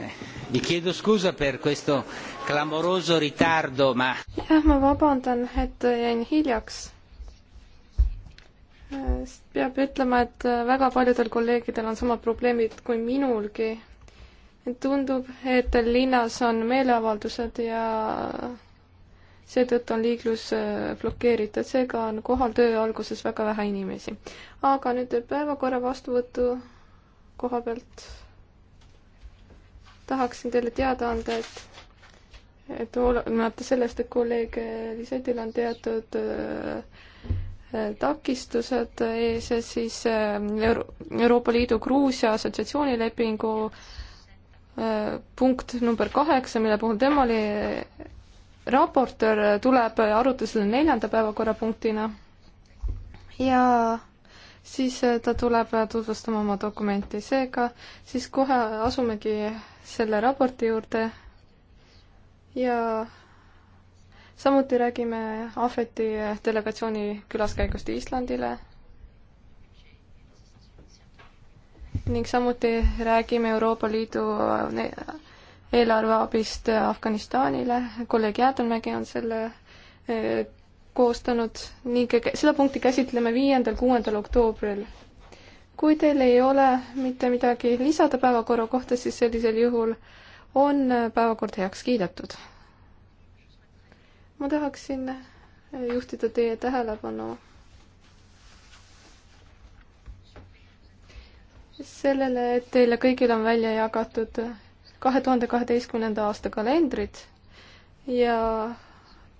Eh, vi chiedo scusa per questo clamoroso ritardo, ma... jah, ma vabandan, et jäin hiljaks. Eh, peab ütlema, et eh, väga paljudel kolleegidel on samad probleemid kui minulgi. tundub, et linnas on meeleavaldused ja seetõttu on liiklus blokeeritud, seega on kohal töö alguses väga vähe inimesi. aga nüüd päevakorra vastuvõtu koha pealt tahaksin teile teada anda, et, et hoolimata sellest, et kolleeg Lisetil on teatud äh, takistused ees, siis äh, Euro Euroopa Liidu Gruusia assotsiatsioonilepingu äh, punkt number kaheksa, mille puhul tema oli raportöör, tuleb arutlusele neljanda päevakorrapunktina ja siis ta tuleb tutvustama oma dokumenti, seega siis kohe asumegi selle raporti juurde ja samuti räägime Ahveti delegatsiooni külaskäigust Islandile ning samuti räägime Euroopa Liidu eelarveabist Afganistanile, kolleeg Jäätelmägi on selle eh, koostanud ning seda punkti käsitleme viiendal, kuuendal oktoobril kui teil ei ole mitte midagi lisada päevakorra kohta, siis sellisel juhul on päevakord heaks kiidetud. ma tahaksin juhtida teie tähelepanu sellele, et teile kõigile on välja jagatud kahe tuhande kaheteistkümnenda aasta kalendrid ja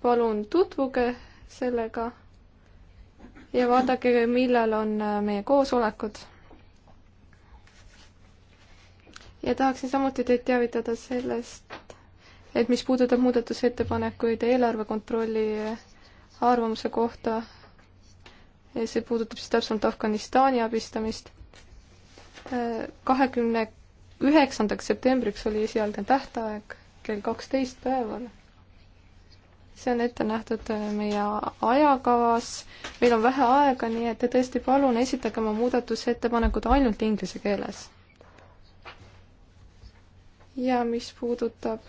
palun tutvuge sellega ja vaadake, millal on äh, meie koosolekud. ja tahaksin samuti teid teavitada sellest, et mis puudutab muudatusettepanekuid eelarve kontrolli äh, arvamuse kohta, see puudutab siis täpsemalt Afganistani abistamist, äh, kahekümne üheksandaks septembriks oli esialgne tähtaeg kell kaksteist päeval see on ette nähtud äh, meie ajakavas, meil on vähe aega, nii et tõesti palun esitage oma muudatusettepanekud ainult inglise keeles. ja mis puudutab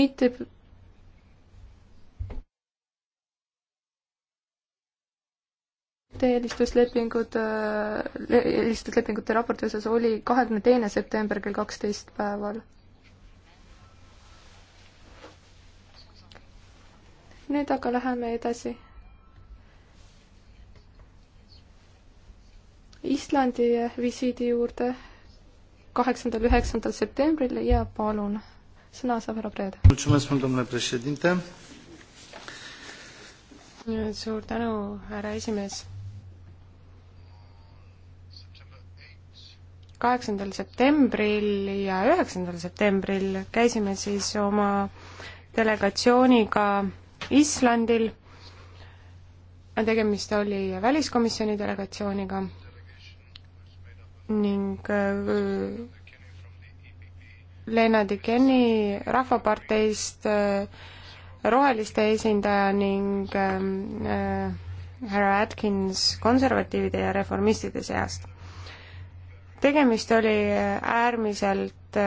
mitte eelistuslepingud, äh, eelistuslepingute raporti osas oli kahekümne teine september kell kaksteist päeval nüüd aga läheme edasi. Islandi visiidi juurde kaheksandal, üheksandal septembril ja palun, sõna saab härra Preede. suur tänu, härra esimees. kaheksandal septembril ja üheksandal septembril käisime siis oma delegatsiooniga Islandil. tegemist oli väliskomisjoni delegatsiooniga ning äh, Lena Dikeni Rahvaparteist äh, roheliste esindaja ning ähm, äh, härra Atkins konservatiivide ja reformistide seast. tegemist oli äärmiselt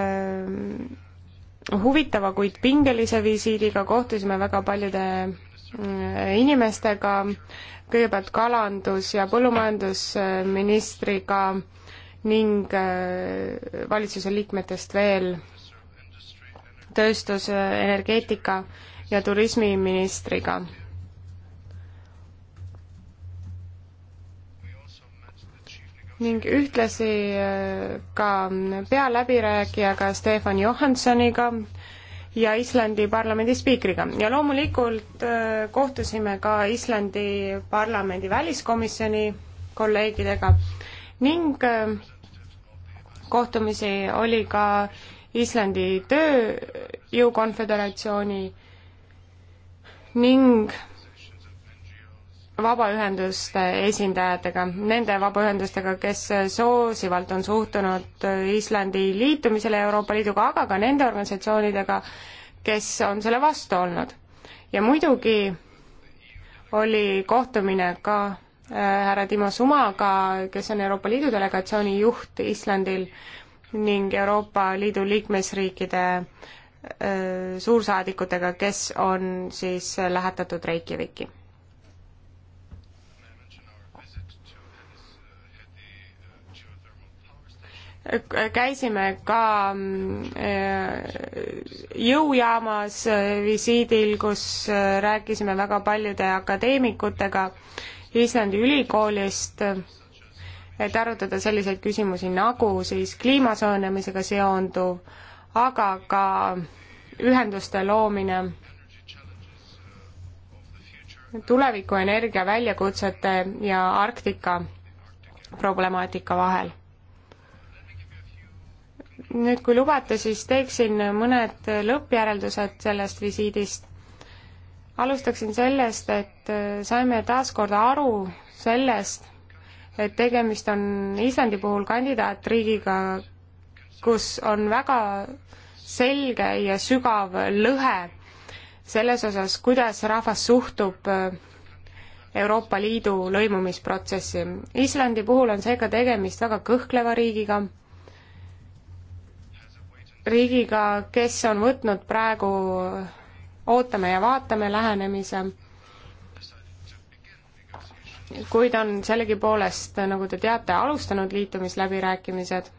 huvitava, kuid pingelise visiidiga, kohtusime väga paljude mm, inimestega, kõigepealt kalandus- ja põllumajandusministriga ning äh, valitsuse liikmetest veel tööstus-, energeetika ja turismiministriga ning ühtlasi äh, ka pealäbirääkijaga Stefan Johansoniga ja Islandi parlamendi spiikriga. ja loomulikult äh, kohtusime ka Islandi parlamendi väliskomisjoni kolleegidega ning äh, kohtumisi oli ka Islandi Tööjõukonföderatsiooni ning vabaühenduste esindajatega, nende vabaühendustega, kes soosivalt on suhtunud Islandi liitumisele Euroopa Liiduga, aga ka nende organisatsioonidega, kes on selle vastu olnud. ja muidugi oli kohtumine ka äh, härra Timo Sumaga, kes on Euroopa Liidu delegatsiooni juht Islandil ning Euroopa Liidu liikmesriikide äh, suursaadikutega, kes on siis lähetatud Reykjaviki käisime ka äh, jõujaamas äh, visiidil, kus äh, rääkisime väga paljude akadeemikutega Islandi ülikoolist, et arutada selliseid küsimusi nagu siis kliima soojenemisega seonduv, aga ka ühenduste loomine, tuleviku energiaväljakutsete ja Arktika problemaatika vahel nüüd, kui lubate, siis teeksin mõned lõppjäreldused sellest visiidist. alustaksin sellest, et äh, saime taas kord aru sellest, et tegemist on Islandi puhul kandidaatriigiga, kus on väga selge ja sügav lõhe selles osas, kuidas rahvas suhtub äh, Euroopa Liidu lõimumisprotsessi. Islandi puhul on seega tegemist väga kõhkleva riigiga riigiga, kes on võtnud praegu ootame ja vaatame lähenemise, kuid on sellegipoolest, nagu te teate, alustanud liitumisläbirääkimised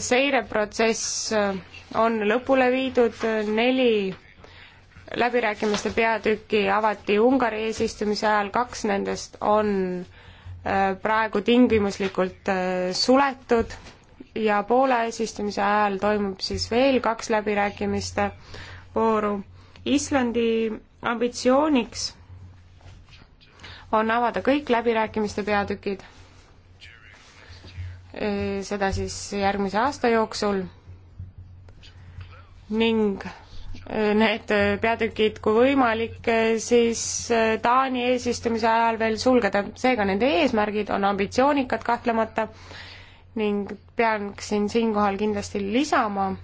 seireprotsess on lõpule viidud, neli läbirääkimiste peatüki avati Ungari eesistumise ajal, kaks nendest on äh, praegu tingimuslikult äh, suletud ja Poola eesistumise ajal toimub siis veel kaks läbirääkimiste vooru. Islandi ambitsiooniks on avada kõik läbirääkimiste peatükid, äh, seda siis järgmise aasta jooksul ning need peatükid, kui võimalik, siis äh, Taani eesistumise ajal veel sulgeda, seega nende eesmärgid on ambitsioonikad kahtlemata ning peaksin siinkohal kindlasti lisama,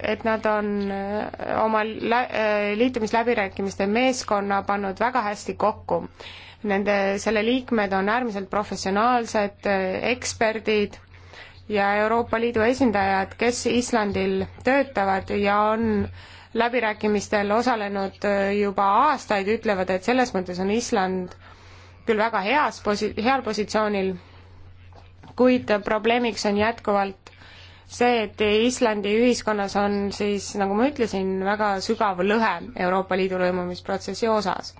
et nad on äh, oma äh, liitumisläbirääkimiste meeskonna pannud väga hästi kokku. Nende, selle liikmed on äärmiselt professionaalsed eksperdid ja Euroopa Liidu esindajad, kes Islandil töötavad ja on läbirääkimistel osalenud äh, juba aastaid, ütlevad, et selles mõttes on Island küll väga heas posi-, heal positsioonil, kuid probleemiks on jätkuvalt see, et Islandi ühiskonnas on siis, nagu ma ütlesin, väga sügav lõhe Euroopa Liidu lõimumisprotsessi osas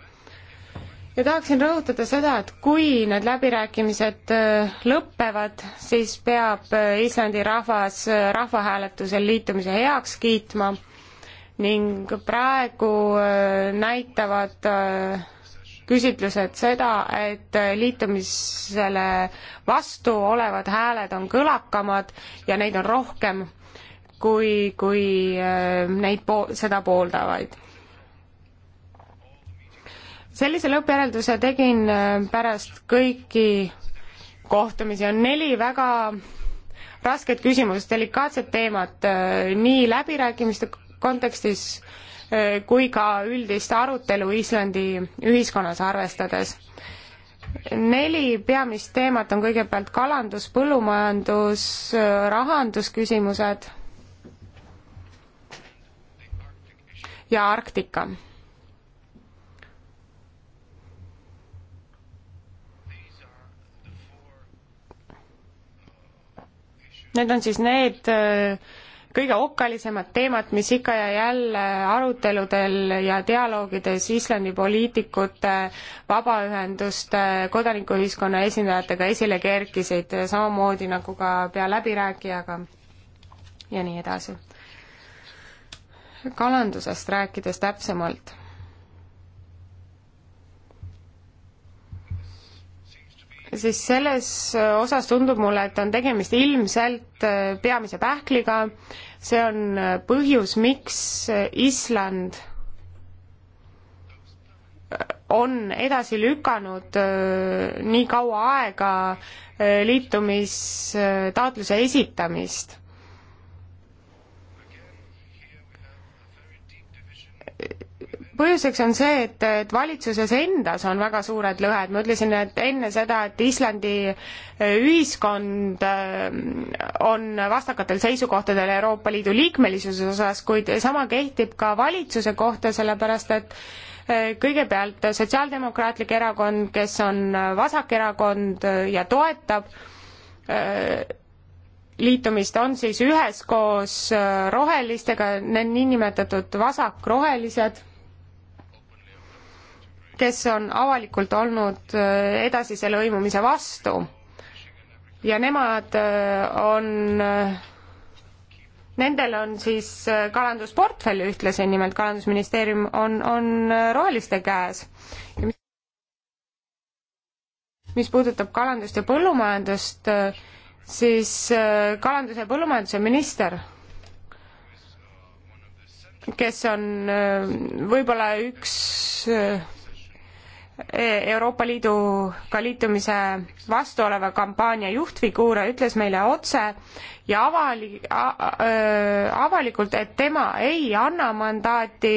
ja tahaksin rõhutada seda, et kui need läbirääkimised äh, lõpevad, siis peab äh, Islandi rahvas äh, rahvahääletusel liitumise heaks kiitma ning praegu näitavad küsitlused seda, et liitumisele vastu olevad hääled on kõlakamad ja neid on rohkem kui, kui neid po-, seda pooldavaid sellise lõppjärelduse tegin äh, pärast kõiki kohtumisi, on neli väga rasket küsimust, delikaatset teemat äh, nii läbirääkimiste kontekstis äh, kui ka üldist arutelu Islandi ühiskonnas arvestades. neli peamist teemat on kõigepealt kalandus, põllumajandus, rahandusküsimused ja Arktika Need on siis need äh, kõige okkalisemad teemad, mis ikka ja jälle aruteludel ja dialoogides Islandi poliitikute, vabaühenduste, kodanikuühiskonna esindajatega esile kerkisid, samamoodi nagu ka pea läbirääkijaga ja nii edasi. kalandusest rääkides täpsemalt siis selles osas tundub mulle, et on tegemist ilmselt äh, peamise pähkliga, see on äh, põhjus, miks äh, Island on edasi lükanud nii kaua aega liitumistaotluse esitamist põhjuseks on see, et, et valitsuses endas on väga suured lõhed, ma ütlesin, et enne seda, et Islandi äh, ühiskond äh, on vastakatel seisukohtadel Euroopa Liidu liikmelisuse osas, kuid sama kehtib ka valitsuse kohta, sellepärast et äh, kõigepealt Sotsiaaldemokraatlik Erakond, kes on vasakerakond ja toetab liitumist on siis üheskoos rohelistega, need niinimetatud vasakrohelised kes on avalikult olnud äh, edasise lõimumise vastu ja nemad äh, on äh, Nendel on siis kalandusportfell ühtlasi, nimelt Kalandusministeerium on, on roheliste käes. mis puudutab kalandust ja põllumajandust, siis kalanduse ja põllumajanduse minister, kes on võib-olla üks Euroopa Liiduga liitumise vastu oleva kampaania juhtfiguure ütles meile otse ja avali-, avalikult, et tema ei anna mandaati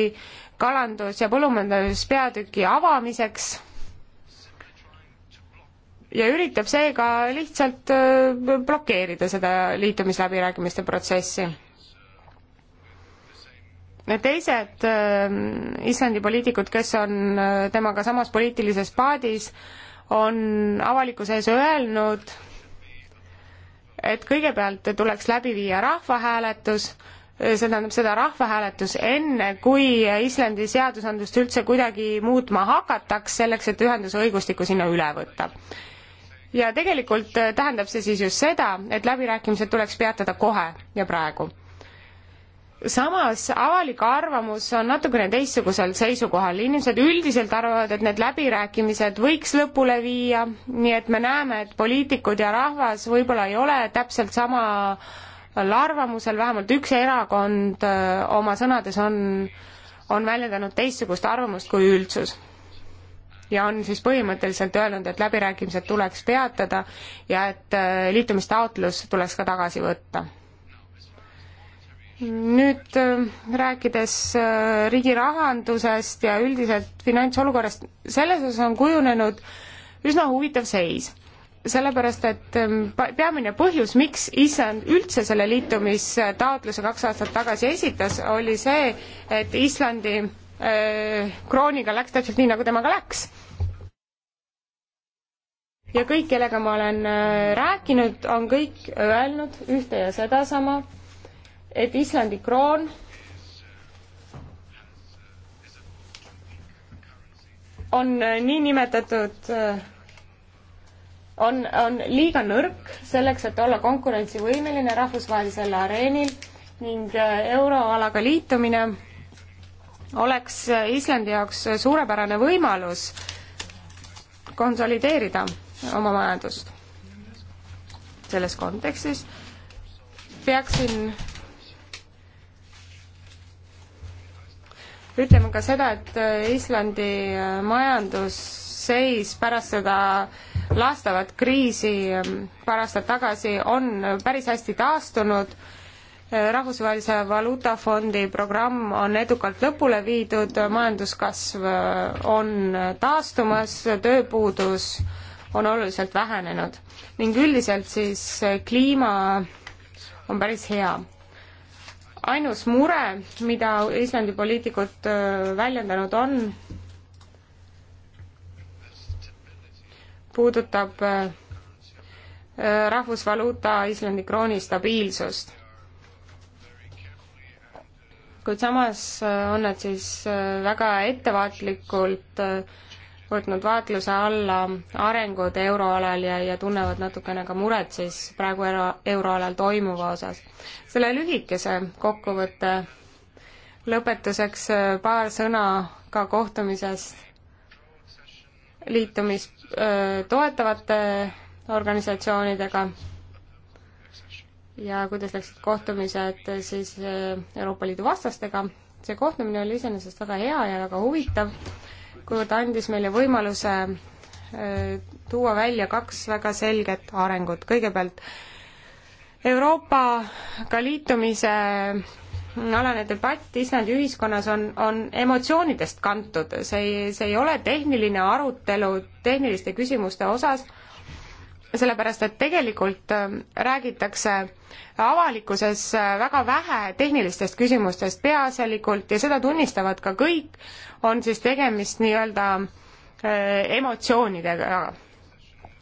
kalandus- ja põllumajanduspeatüki avamiseks ja üritab seega lihtsalt blokeerida seda liitumisläbirääkimiste protsessi teised ähm, Islandi poliitikud, kes on äh, temaga samas poliitilises paadis, on avalikkuse ees öelnud, et kõigepealt tuleks läbi viia rahvahääletus, äh, see tähendab seda rahvahääletus enne, kui Islandi seadusandlust üldse kuidagi muutma hakataks, selleks et ühenduse õigustikku sinna üle võtta. ja tegelikult äh, tähendab see siis just seda, et läbirääkimised tuleks peatada kohe ja praegu samas avalik arvamus on natukene teistsugusel seisukohal, inimesed üldiselt arvavad, et need läbirääkimised võiks lõpule viia, nii et me näeme, et poliitikud ja rahvas võib-olla ei ole täpselt samal arvamusel, vähemalt üks erakond äh, oma sõnades on, on väljendanud teistsugust arvamust kui üldsus. ja on siis põhimõtteliselt öelnud, et läbirääkimised tuleks peatada ja et äh, liitumistaotlus tuleks ka tagasi võtta nüüd äh, rääkides äh, riigi rahandusest ja üldiselt finantsolukorrast, selles osas on kujunenud üsna huvitav seis. sellepärast, et ähm, peamine põhjus, miks Island üldse selle liitumistaotluse kaks aastat tagasi esitas, oli see, et Islandi äh, krooniga läks täpselt nii, nagu temaga läks ja kõik, kellega ma olen rääkinud, on kõik öelnud ühte ja sedasama, et Islandi kroon on niinimetatud, on, on liiga nõrk selleks, et olla konkurentsivõimeline rahvusvahelisel areenil ning euroalaga liitumine oleks Islandi jaoks suurepärane võimalus konsolideerida oma majandust. selles kontekstis peaksin ütleme ka seda, et äh, Islandi äh, majandusseis pärast seda laastavat kriisi ähm, paar aastat tagasi on äh, päris hästi taastunud, rahvusvahelise valuutafondi programm on edukalt lõpule viidud, majanduskasv on taastumas, tööpuudus on oluliselt vähenenud ning üldiselt siis kliima on päris hea ainus mure, mida Islandi poliitikud väljendanud on, puudutab rahvusvaluuta Islandi krooni stabiilsust. kuid samas on nad siis väga ettevaatlikult äh, võtnud vaatluse alla arengud euroalal ja, ja tunnevad natukene ka muret siis praegu euro, euroalal toimuva osas. selle lühikese kokkuvõtte lõpetuseks äh, paar sõna ka kohtumisest liitumist äh, toetavate organisatsioonidega ja kuidas läksid kohtumised siis äh, Euroopa Liidu vastastega. see kohtumine oli iseenesest väga hea ja väga huvitav kuivõrd andis meile võimaluse äh, tuua välja kaks väga selget arengut. kõigepealt Euroopaga liitumise mm, alane debatt Islandi ühiskonnas on, on emotsioonidest kantud, see ei, see ei ole tehniline arutelu tehniliste küsimuste osas, sellepärast, et tegelikult ähm, räägitakse avalikkuses äh, väga vähe tehnilistest küsimustest peaasjalikult ja seda tunnistavad ka kõik, on siis tegemist nii-öelda äh, emotsioonidega.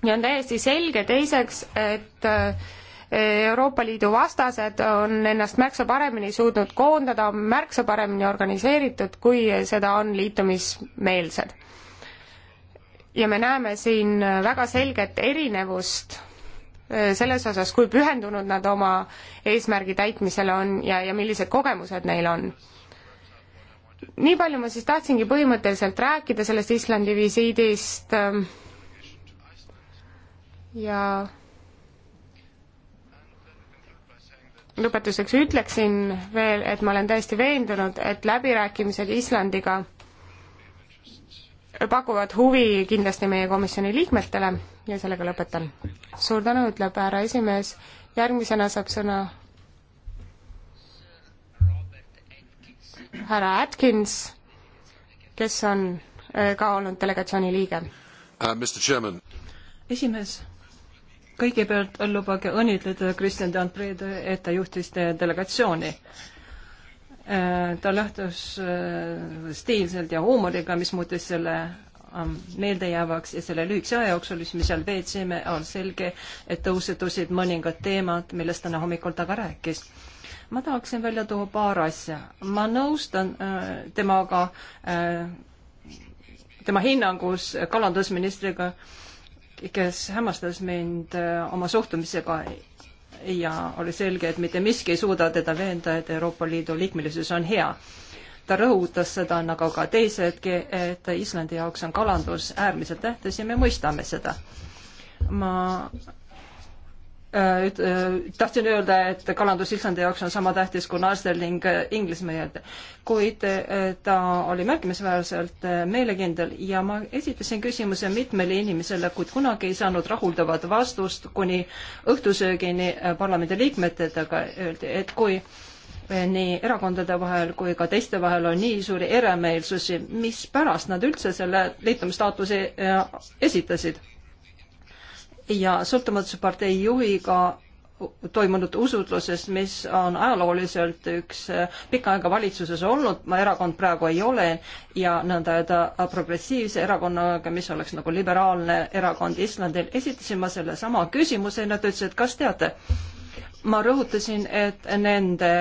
ja on täiesti selge teiseks, et äh, Euroopa Liidu vastased on ennast märksa paremini suutnud koondada, märksa paremini organiseeritud, kui seda on liitumismeelsed ja me näeme siin väga selget erinevust äh, selles osas, kui pühendunud nad oma eesmärgi täitmisele on ja, ja millised kogemused neil on. nii palju ma siis tahtsingi põhimõtteliselt rääkida sellest Islandi visiidist ähm, ja lõpetuseks ütleksin veel, et ma olen täiesti veendunud, et läbirääkimised Islandiga pakuvad huvi kindlasti meie komisjoni liikmetele ja sellega lõpetan. suur tänu, ütleb härra esimees, järgmisena saab sõna härra Atkins, kes on äh, ka olnud delegatsiooni liige uh,. esimees, kõigepealt lubage õnnitleda Kristjan Danfried, et ta juhtis delegatsiooni Äh, ta lähtus äh, stiilselt ja huumoriga, mis muutis selle ähm, meeldejäävaks ja selle lühikese aja jooksul, mis me seal veetsime, on selge, et tõusetusid mõningad teemad, millest täna hommikul ta ka rääkis. ma tahaksin välja tuua paar asja. ma nõustan äh, temaga äh,, tema hinnangus kalandusministriga, kes hämmastas mind äh, oma suhtumisega ja oli selge, et mitte miski ei suuda teda veenda, et Euroopa Liidu liikmelisus on hea. ta rõhutas seda nagu ka teisedki, et Islandi jaoks on kalandus äärmiselt tähtis ja me mõistame seda. ma Äh, äh, tahtsin öelda, et kalandus Islandi jaoks on sama tähtis kui naersterling äh, inglismaa jääde. kuid ta oli märkimisväärselt meelekindel ja ma esitasin küsimuse mitmele inimesele, kuid kunagi ei saanud rahuldavat vastust, kuni õhtusöögini parlamendiliikmetega öeldi, et kui nii erakondade vahel kui ka teiste vahel on nii suuri erimeelsusi, mispärast nad üldse selle liitumistaotluse esitasid ja Sõltumatuse partei juhiga toimunud usutluses, mis on ajalooliselt üks äh, pikka aega valitsuses olnud, ma erakond praegu ei ole, ja nõnda öelda äh, progressiivse erakonnaga, mis oleks nagu liberaalne erakond Islandil, esitasin ma sellesama küsimuse ja nad ütlesid, et kas teate, ma rõhutasin, et nende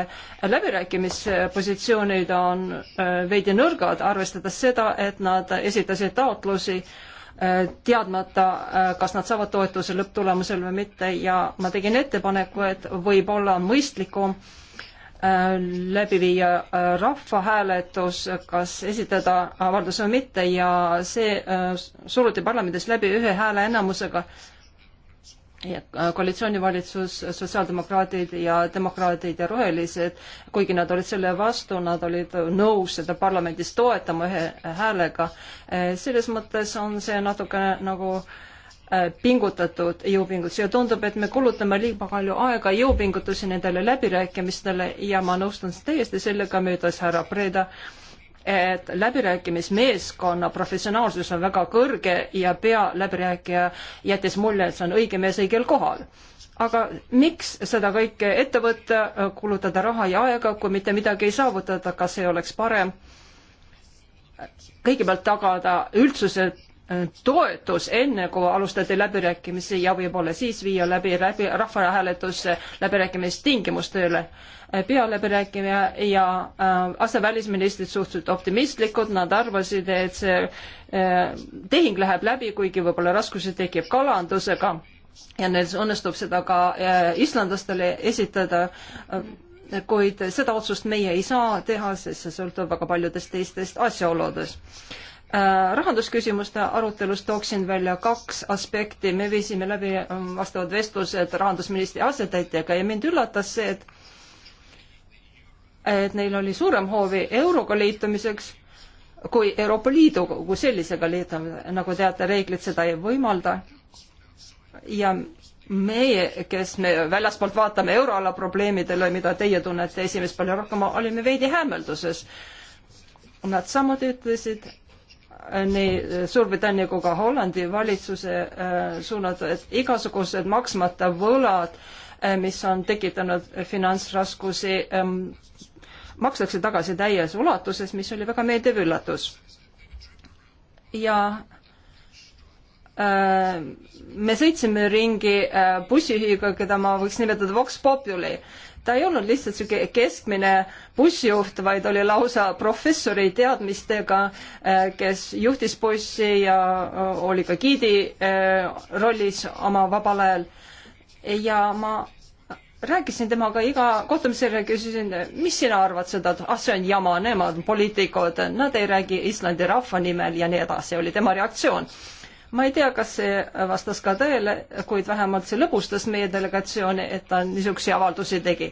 läbirääkimispositsioonid on äh, veidi nõrgad, arvestades seda, et nad esitasid taotlusi äh, Äh, teadmata, äh, kas nad saavad toetuse lõpptulemusel või mitte ja ma tegin ettepaneku, et võib-olla on mõistlikum äh, läbi viia rahvahääletus, kas esitada avaldus või mitte ja see suruti parlamendis läbi ühe hääle enamusega äh, Äh, koalitsioonivalitsus, sotsiaaldemokraadid ja demokraadid ja rohelised, kuigi nad olid selle vastu, nad olid nõus seda parlamendis toetama ühe häälega. Äh, selles mõttes on see natukene nagu äh, pingutatud jõupingutusi ja tundub, et me kulutame liiga palju aega jõupingutusi nendele läbirääkimistele ja ma nõustun täiesti sellega, mida ütles härra Preda äh, et läbirääkimismeeskonna professionaalsus on väga kõrge ja pealäbirääkija jättis mulje, et see on õige mees õigel kohal aga miks seda kõike ette võtta, kulutada raha ja aega, kui mitte midagi ei saavutada, kas ei oleks parem kõigepealt tagada üldsuselt toetus, enne kui alustati läbirääkimisi ja võib-olla siis viia läbi, läbi rahvahääletus läbirääkimistingimustele. pealäbirääkimine ja äh, asevälisministrid suhtusid optimistlikult, nad arvasid, et see äh, tehing läheb läbi, kuigi võib-olla raskusi tekib kalandusega ja neil õnnestub seda ka äh, islandlastele esitada äh, kuid seda otsust meie ei saa teha, sest see sõltub väga paljudest teistest asjaoludest Äh, rahandusküsimuste arutelust tooksin välja kaks aspekti. me viisime läbi ähm, vastavad vestlused rahandusministri asetäitjaga ja mind üllatas see, et et neil oli suurem hoovi euroga liitumiseks kui Euroopa Liiduga kui sellisega liitumine. nagu teate, reeglid seda ei võimalda. ja meie, kes me väljaspoolt vaatame euroala probleemidele, mida teie tunnete esimest palju rohkem, olime veidi hämmelduses. Nad samuti ütlesid, nii Suurbritannia kui ka Hollandi valitsuse äh, suunatud, et igasugused maksmata võlad, äh, mis on tekitanud finantsraskusi, ähm, makstakse tagasi täies ulatuses, mis oli väga meeldiv üllatus. ja äh, me sõitsime ringi bussijuhiga, keda ma võiks nimetada Vox Populi ta ei olnud lihtsalt niisugune keskmine bussijuht, vaid oli lausa professori teadmistega, äh, kes juhtis bussi ja äh, oli ka giidi äh, rollis oma vabal ajal. ja ma rääkisin temaga iga kohtumisel ja küsisin, mis sina arvad seda, et ah, see on jama, nemad on poliitikud, nad ei räägi Islandi rahva nimel ja nii edasi, oli tema reaktsioon ma ei tea, kas see vastas ka tõele, kuid vähemalt see lõbustas meie delegatsiooni, et ta niisuguseid avaldusi tegi.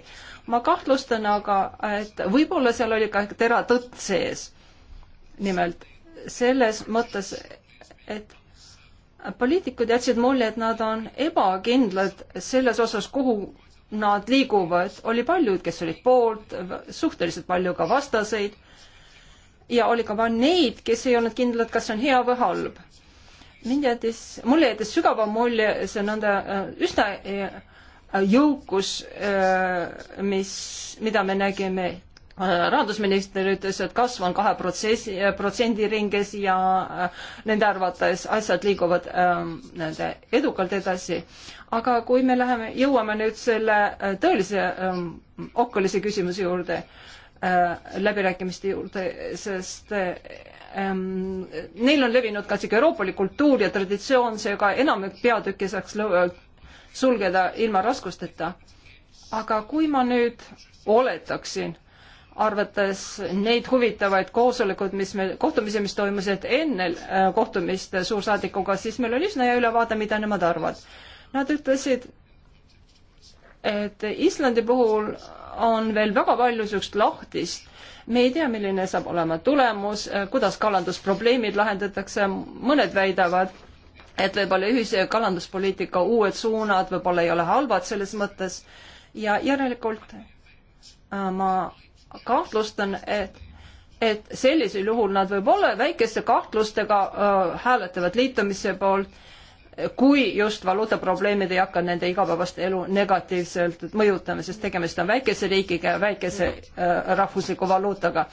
ma kahtlustan aga, et võib-olla seal oli ka tera tõtt sees. nimelt selles mõttes, et poliitikud jätsid mulje, et nad on ebakindlad selles osas, kuhu nad liiguvad. oli paljud, kes olid poolt, suhteliselt palju ka vastaseid ja oli ka neid, kes ei olnud kindlad, kas see on hea või halb mind jättis, mulle jättis sügava mulje see nõnda äh, üsna äh, jõukus, äh, mis, mida me nägime. rahandusminister ütles, et kasv on kahe protsessi, protsendi ringes ja nende arvates asjad liiguvad ähm, nende edukalt edasi. aga kui me läheme, jõuame nüüd selle tõelise ähm, okkulise küsimuse juurde Äh, läbirääkimiste juurde, sest äh, ähm, neil on levinud ka sihuke euroopalik kultuur ja traditsioon, seega enamik peatükke saaks sulgeda ilma raskusteta. aga kui ma nüüd oletaksin, arvates neid huvitavaid koosolekuid, mis meil, kohtumisi, mis toimusid enne äh, kohtumist suursaadikuga, siis meil oli üsna hea ülevaade, mida nemad arvavad. Nad ütlesid, et Islandi puhul on veel väga palju niisugust lahtist. me ei tea, milline saab olema tulemus, äh, kuidas kalandusprobleemid lahendatakse, mõned väidavad, et võib-olla ühise kalanduspoliitika uued suunad võib-olla ei ole halvad selles mõttes ja järelikult äh, ma kahtlustan, et et sellisel juhul nad võib-olla väikeste kahtlustega äh, hääletavad liitumise poolt kui just valuutaprobleemid ei hakka nende igapäevast elu negatiivselt mõjutama, sest tegemist on väikese riigiga ja väikese äh, rahvusliku valuutaga.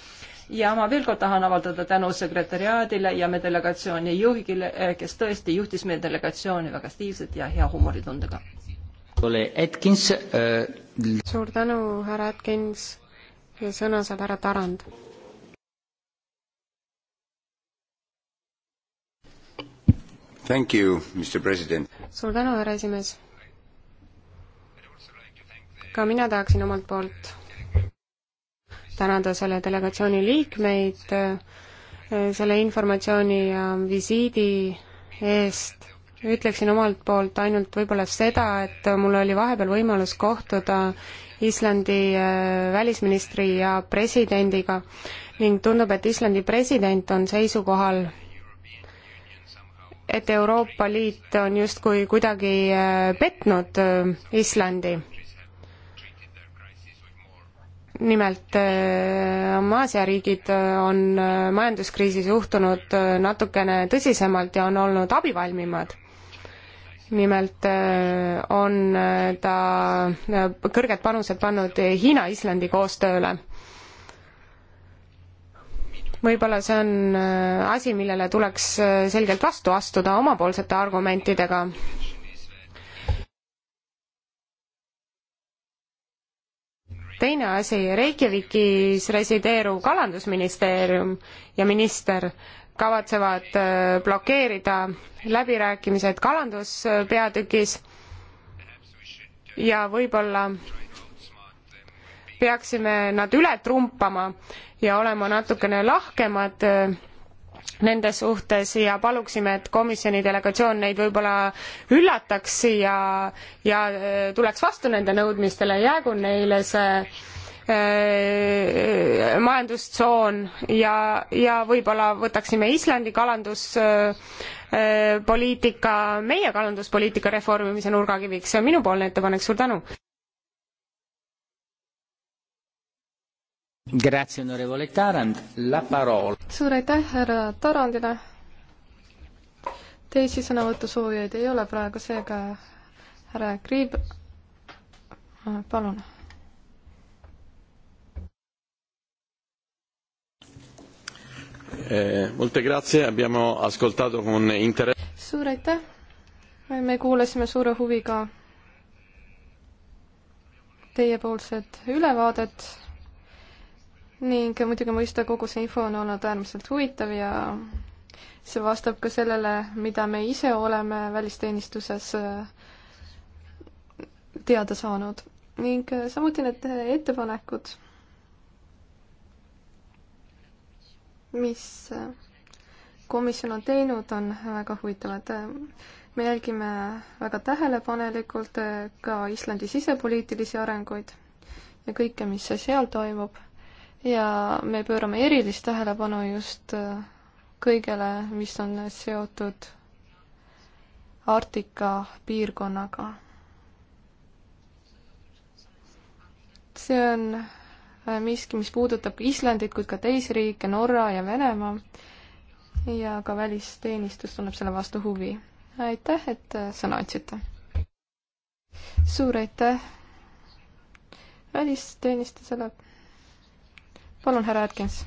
ja ma veel kord tahan avaldada tänu sekretäriaadile ja me delegatsiooni juhigile, äh, kes tõesti juhtis meie delegatsiooni väga aktiivselt ja hea huumoritundega. Atkins äh.... suur tänu, härra Atkins ja sõna saab härra Tarand Thank you, Mr President. suur tänu, härra esimees. ka mina tahaksin omalt poolt tänada selle delegatsiooni liikmeid eh, selle informatsiooni ja visiidi eest. ütleksin omalt poolt ainult võib-olla seda, et mul oli vahepeal võimalus kohtuda Islandi eh, välisministri ja presidendiga ning tundub, et Islandi president on seisukohal, et Euroopa Liit on justkui kuidagi äh, petnud äh, Islandi. nimelt äh, Aasia riigid on majanduskriisi suhtunud natukene tõsisemalt ja on olnud abivalmimad. nimelt on ta kõrged panused pannud Hiina-Islandi koostööle võib-olla see on äh, asi, millele tuleks äh, selgelt vastu astuda omapoolsete argumentidega. teine asi, Reykjavikis resideeruv kalandusministeerium ja minister kavatsevad äh, blokeerida läbirääkimised kalanduspeatükis ja võib-olla peaksime nad üle trumpama ja olema natukene lahkemad äh, nende suhtes ja paluksime, et komisjoni delegatsioon neid võib-olla üllataks ja, ja äh, tuleks vastu nende nõudmistele, jäägu neile see äh, majandustsoon ja, ja võib-olla võtaksime Islandi kalanduspoliitika äh,, meie kalanduspoliitika reformimise nurgakiviks, see on minupoolne ettepanek, suur tänu! suur aitäh härra Tarandile. teisi sõnavõtusoovijaid ei ole praegu, seega härra Kriib, palun. Eh, suur aitäh, me kuulasime suure huviga teiepoolset ülevaadet ning muidugi mõista kogu see info on olnud äärmiselt huvitav ja see vastab ka sellele, mida me ise oleme välisteenistuses äh, teada saanud ning äh, samuti need äh, ettepanekud, mis komisjon on teinud, on väga huvitavad. me jälgime väga tähelepanelikult ka Islandi sisepoliitilisi arenguid ja kõike, mis seal toimub ja me pöörame erilist tähelepanu just äh, kõigele, mis on seotud Arktika piirkonnaga. see on äh, miski, mis puudutab Islandit, kuid ka teisi riike, Norra ja Venemaa ja ka välisteenistus tunneb selle vastu huvi. aitäh, et äh, sõna andsite. suur aitäh välisteenistusele palun, härra Atkins.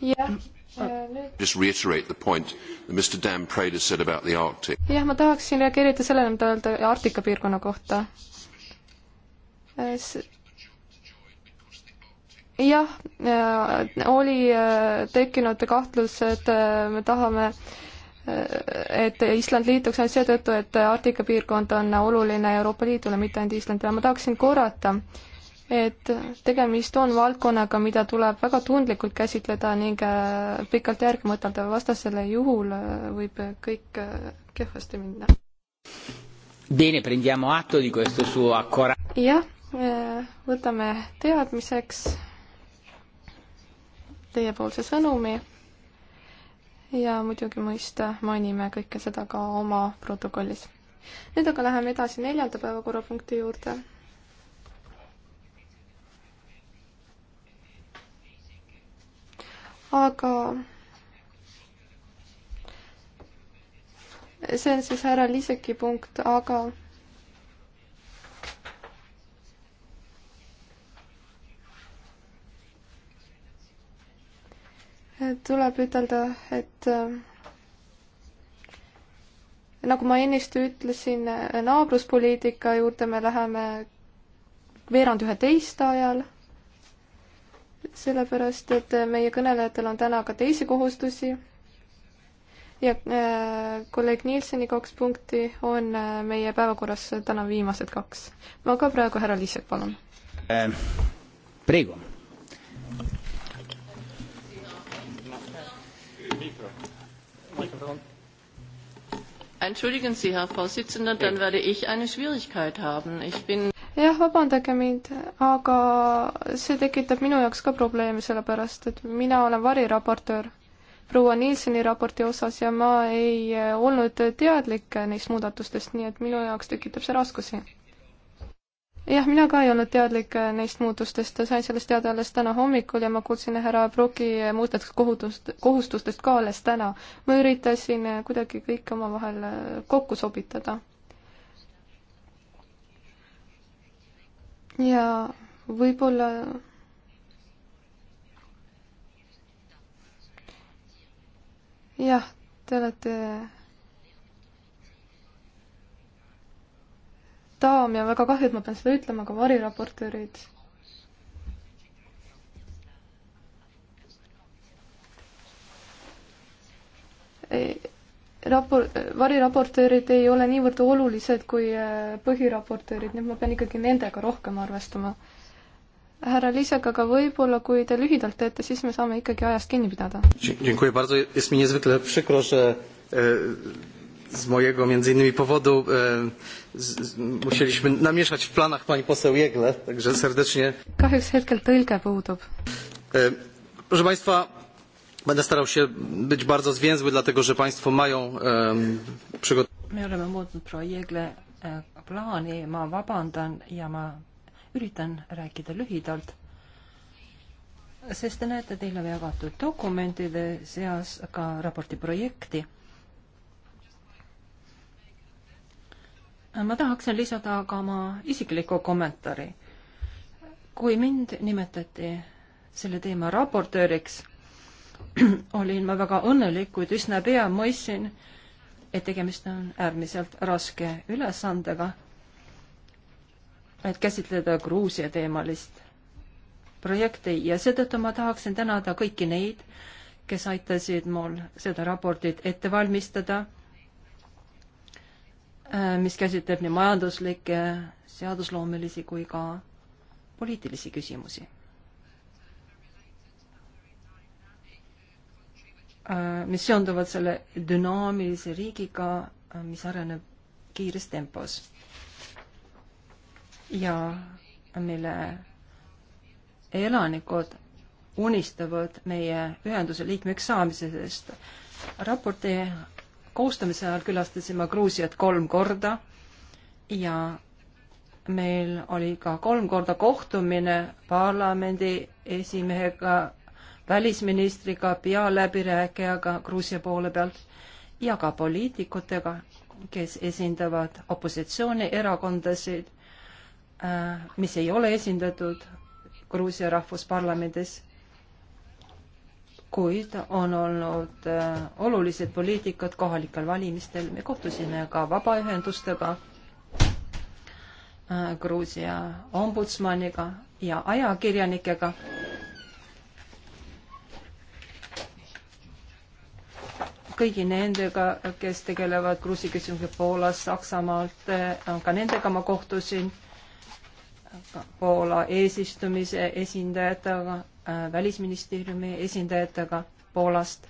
jah äh, Just reiterate the point that Mr Dan Prada said about the Arctic. jah, ma tahaksin reageerida sellele, mida öelda Arktika piirkonna kohta. Äh, jah, äh, oli tekkinud kahtlus, et me tahame, et Island liituks ainult seetõttu, et Arktika piirkond on oluline Euroopa Liidule, mitte ainult Islandile, ma tahaksin korrata äh, et tegemist on valdkonnaga, mida tuleb väga tundlikult käsitleda ning äh, pikalt järgi mõtelda, vastasel juhul äh, võib kõik äh, kehvasti minna. jah, võtame teadmiseks teiepoolse sõnumi ja muidugi mõista mainime kõike seda ka oma protokollis. nüüd aga läheme edasi neljanda päevakorrapunkti juurde aga see on siis härra Liiseki punkt, aga tuleb ütelda, et äh, nagu ma ennist ütlesin, naabruspoliitika juurde me läheme veerand üheteist ajal sellepärast et meie kõnelejatel on täna ka teisi kohustusi ja äh, kolleeg Nielseni kaks punkti on äh, meie päevakorras täna viimased kaks. aga praegu härra Liisek, palun ähm,. Priigo. Entschuldigen Sie, Herr Vorsitzender, dann werde ich eine Schwierigkeit haben. Ich bin jah, vabandage mind, aga see tekitab minu jaoks ka probleeme, sellepärast et mina olen variraportöör proua Nielseni raporti osas ja ma ei olnud teadlik neist muudatustest, nii et minu jaoks tekitab see raskusi. jah, mina ka ei olnud teadlik neist muutustest, sain sellest teada alles täna hommikul ja ma kuulsin härra Brocki muudest kohutust, kohustustest ka alles täna. ma üritasin kuidagi kõike omavahel kokku sobitada ja võib-olla jah, te olete daam ja väga kahju, et ma pean seda ütlema, aga variraportöörid ei rapor-, variraportöörid ei ole niivõrd olulised kui äh, põhiraportöörid, nii et ma pean ikkagi nendega rohkem arvestama. härra Liisek, aga võib-olla kui te lühidalt teete, siis me saame ikkagi ajast kinni pidada. E, z mojego między innymi powodu e, z, musieliśmy namieszać w planach pani poseł Jegle, także serdecznie. Kahjuks hetkel tõlge puudub. E, proszę państwa, Będę starał się być bardzo zwięzły, dlatego że Państwo mają przygotowane. me oleme muutnud projekte e, plaani, ma vabandan ja ma üritan rääkida lühidalt, sest te näete, teil on jagatud dokumentide seas ka raporti projekti. ma tahaksin lisada ka oma isikliku kommentaari. kui mind nimetati selle teema raportööriks olin ma väga õnnelik, kuid üsna pea mõistsin, et tegemist on äärmiselt raske ülesandega, et käsitleda Gruusia teemalist projekti ja seetõttu ma tahaksin tänada kõiki neid, kes aitasid mul seda raportit ette valmistada, äh, mis käsitleb nii majanduslikke, seadusloomelisi kui ka poliitilisi küsimusi Äh, mis seonduvad selle dünaamilise riigiga, äh, mis areneb kiires tempos. ja mille elanikud unistavad meie ühenduse liikmeks saamisest. raporti koostamise ajal külastasin ma Gruusiat kolm korda ja meil oli ka kolm korda kohtumine parlamendi esimehega välisministriga, pealäbirääkijaga Gruusia poole pealt ja ka poliitikutega, kes esindavad opositsioonierakondasid, äh, mis ei ole esindatud Gruusia rahvusparlamendis, kuid on olnud äh, olulised poliitikad kohalikel valimistel. me kohtusime ka vabaühendustega, äh, Gruusia ombudsmaniga ja ajakirjanikega kõigi nendega, kes tegelevad Gruusia küsimusega Poolas, Saksamaalt, äh, ka nendega ma kohtusin, Poola eesistumise esindajatega, äh, välisministeeriumi esindajatega Poolast.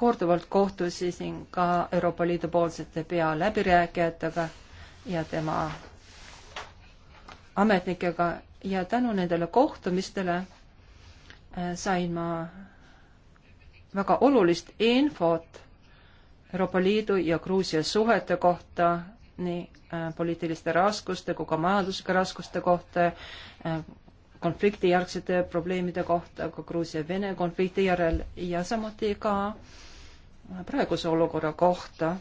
korduvalt kohtusin ka Euroopa Liidu poolsete pealäbirääkijatega ja tema ametnikega ja tänu nendele kohtumistele äh, sain ma väga olulist infot Euroopa Liidu ja Gruusia suhete kohta, nii äh, poliitiliste raskuste kui ka majanduslike raskuste kohta, äh, konfliktijärgsete probleemide kohta ka Gruusia-Vene konflikti järel ja samuti ka äh, praeguse olukorra kohta,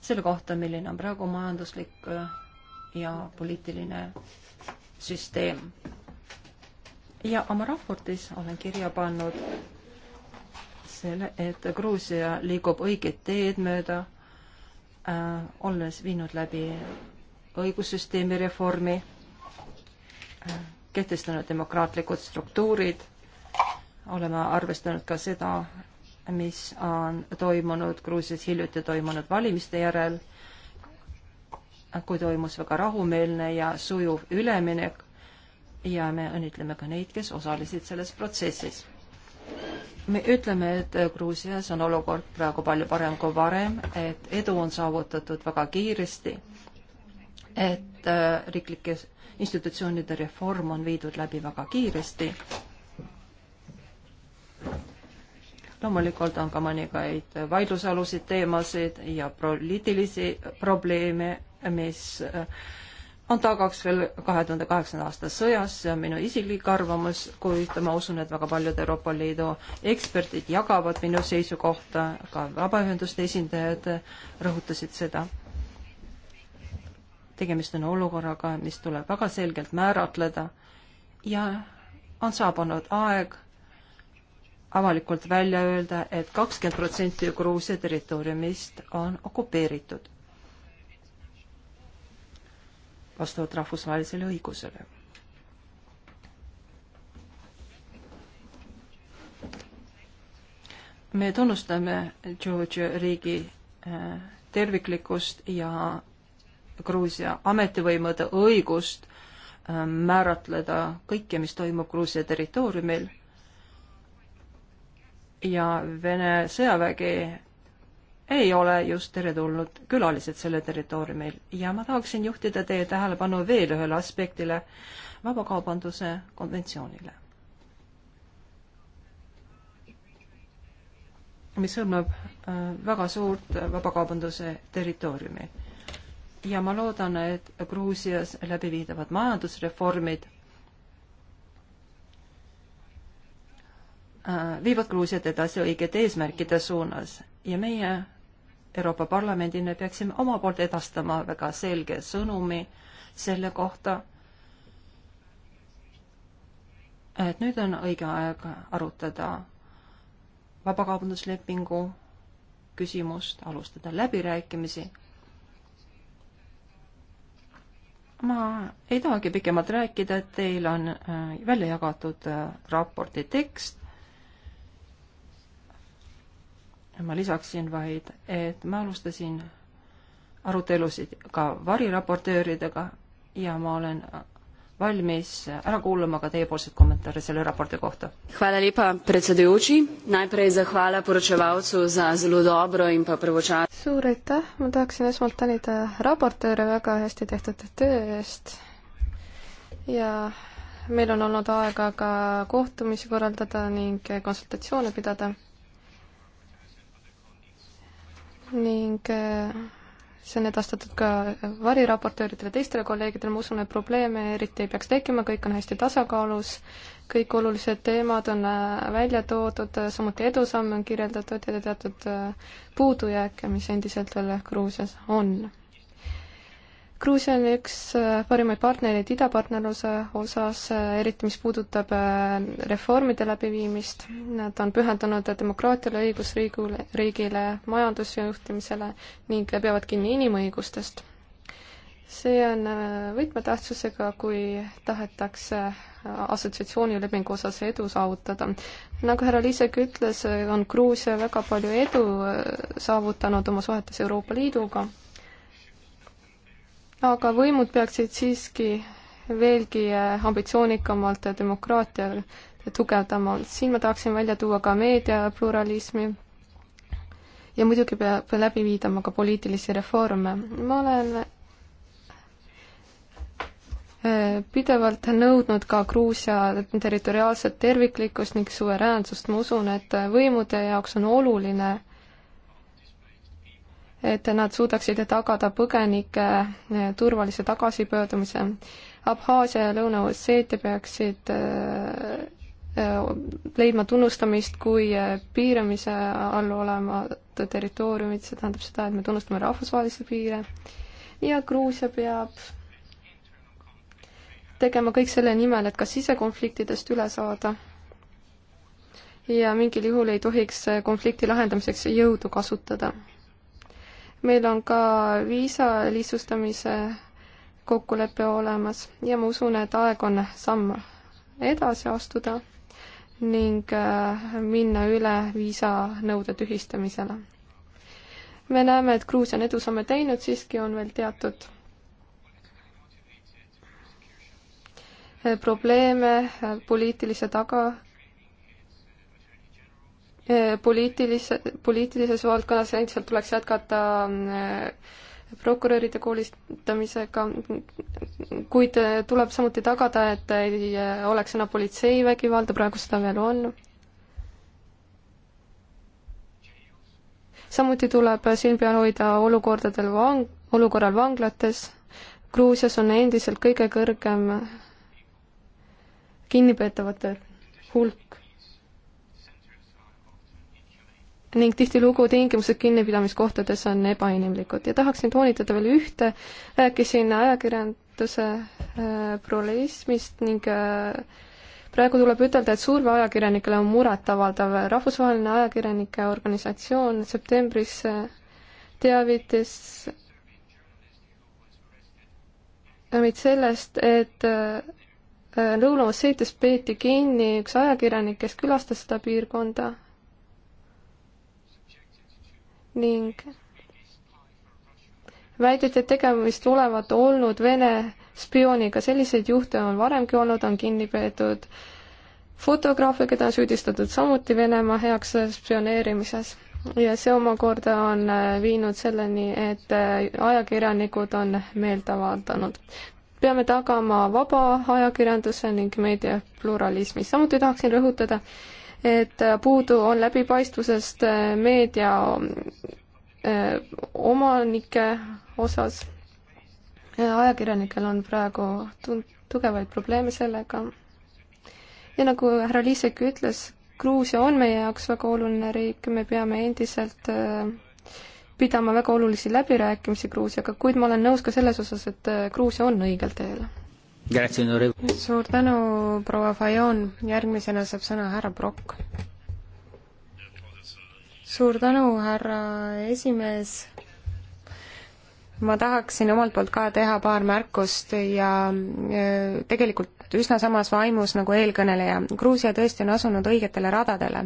selle kohta, milline on praegu majanduslik ja poliitiline süsteem. ja oma raportis olen kirja pannud selle, et Gruusia liigub õiget teed mööda äh,, olles viinud läbi õigussüsteemi reformi äh,, kehtestanud demokraatlikud struktuurid, oleme arvestanud ka seda, mis on toimunud Gruusias hiljuti toimunud valimiste järel, kui toimus väga rahumeelne ja sujuv üleminek ja me õnnitleme ka neid, kes osalesid selles protsessis me ütleme, et Gruusias on olukord praegu palju parem kui varem, et edu on saavutatud väga kiiresti, et äh, riiklike institutsioonide reform on viidud läbi väga kiiresti. loomulikult on ka mõningaid vaidlusaluseid teemasid ja poliitilisi probleeme, mis äh, on tagaks veel kahe tuhande kaheksanda aasta sõjas, see on minu isiklik arvamus, kuid ma usun, et väga paljud Euroopa Liidu eksperdid jagavad minu seisukohta, ka vabaühenduste esindajad rõhutasid seda. tegemist on olukorraga, mis tuleb väga selgelt määratleda ja on saabunud aeg avalikult välja öelda et, et kakskümmend protsenti Gruusia territooriumist on okupeeritud vastavalt rahvusvahelisele õigusele. me tunnustame Georgia riigi äh, terviklikkust ja Gruusia ametivõimude õigust äh, määratleda kõike, mis toimub Gruusia territooriumil ja Vene sõjavägi ei ole just teretulnud külalised sellel territooriumil ja ma tahaksin juhtida teie tähelepanu veel ühele aspektile, vabakaubanduse konventsioonile, mis hõlmab äh, väga suurt vabakaubanduse territooriumi. ja ma loodan, et Gruusias läbiviidavad majandusreformid äh, viivad Gruusiat edasi õigete eesmärkide suunas ja meie Euroopa Parlamendina peaksime oma poolt edastama väga selge sõnumi selle kohta, et nüüd on õige aeg arutada vabakaubanduslepingu küsimust, alustada läbirääkimisi. ma ei tahagi pikemalt rääkida, et teil on äh, välja jagatud äh, raporti tekst ma lisaksin vaid, et ma alustasin arutelusid ka variraportööridega ja ma olen valmis ära kuulama ka teiepoolseid kommentaare selle raporti kohta. Hvala lepa, predsedujoči. Najprej zahvala poročevalcu za zelo dobro in pa pravočasno. suur aitäh, ma tahaksin esmalt tänida raportööre väga hästi tehtud töö eest. ja meil on olnud aega ka kohtumisi korraldada ning konsultatsioone pidada ning äh, see on edastatud ka variraportööridele, teistele kolleegidele, ma usun, et probleeme eriti ei peaks tekkima, kõik on hästi tasakaalus, kõik olulised teemad on äh, välja toodud, samuti edusamme on kirjeldatud ja teatud äh, puudujääke, mis endiselt veel Gruusias on. Gruusia on üks äh, parimaid partnereid idapartnerluse osas, äh, eriti mis puudutab äh, reformide läbiviimist. Nad on pühendunud demokraatiale, õigusriigule, riigile, majandusjuhtimisele ning peavad kinni inimõigustest. see on võtmetähtsusega, kui tahetakse assotsiatsioonilepingu osas edu saavutada. nagu härra Liisek ütles, on Gruusia väga palju edu saavutanud oma suhetes Euroopa Liiduga aga võimud peaksid siiski veelgi äh, ambitsioonikamalt demokraatia tugevdama. siin ma tahaksin välja tuua ka meediapluralismi ja muidugi peab läbi viidama ka poliitilisi reforme. ma olen äh, pidevalt nõudnud ka Gruusia territoriaalset terviklikkust ning suveräänsust, ma usun, et võimude jaoks on oluline et nad suudaksid tagada põgenike eh, turvalise tagasipöördumise. Abhaasia ja Lõuna-Osseetia peaksid eh, eh, leidma tunnustamist kui piiramise all olevat territooriumit, see tähendab seda, et me tunnustame rahvusvahelisi piire ja Gruusia peab tegema kõik selle nimel, et ka sisekonfliktidest üle saada. ja mingil juhul ei tohiks konflikti lahendamiseks jõudu kasutada meil on ka viisa lihtsustamise kokkulepe olemas ja ma usun, et aeg on samm edasi astuda ning äh, minna üle viisanõude tühistamisele. me näeme, et Gruusia on edusamme teinud, siiski on veel teatud äh, probleeme, äh, poliitilise taga Äh, poliitilise, poliitilises valdkonnas endiselt tuleks jätkata äh, prokuröride koolitamisega, kuid äh, tuleb samuti tagada, et ei oleks enam politseivägivalda, praegu seda veel on. samuti tuleb silm peal hoida olukordadel vang-, olukorral vanglates. Gruusias on endiselt kõige kõrgem kinnipeetavate hulk ning tihtilugu tingimused kinnipidamiskohtades on ebainimlikud ja tahaksin toonitada veel ühte, rääkisin ajakirjanduse äh, pluralismist äh, ning äh, praegu tuleb ütelda, et surveajakirjanikele on muretavaldav rahvusvaheline ajakirjanike organisatsioon septembris äh, teavitas meid äh, sellest, et Lõuna-Osseetias peeti kinni üks ajakirjanik, kes külastas seda piirkonda ning väideti, et tegemist olevat olnud Vene spiooniga, selliseid juhte on varemgi olnud, on kinni peetud fotograafe, keda on süüdistatud samuti Venemaa heaks spioneerimises ja see omakorda on äh, viinud selleni, et äh, ajakirjanikud on meelt avaldanud. peame tagama vaba ajakirjanduse ning meedia pluralismi, samuti tahaksin rõhutada, et äh, puudu on läbipaistvusest meedia Äh, omanike osas. Äh, ajakirjanikel on praegu tugevaid probleeme sellega. ja nagu härra Liisek ütles, Gruusia on meie jaoks väga oluline riik, me peame endiselt äh, pidama väga olulisi läbirääkimisi Gruusiaga, kuid ma olen nõus ka selles osas, et Gruusia on õigel teel. suur tänu, proua Fajon, järgmisena saab sõna härra Brock suur tänu, härra esimees. ma tahaksin omalt poolt ka teha paar märkust ja e, tegelikult üsna samas vaimus nagu eelkõneleja. Gruusia tõesti on asunud õigetele radadele.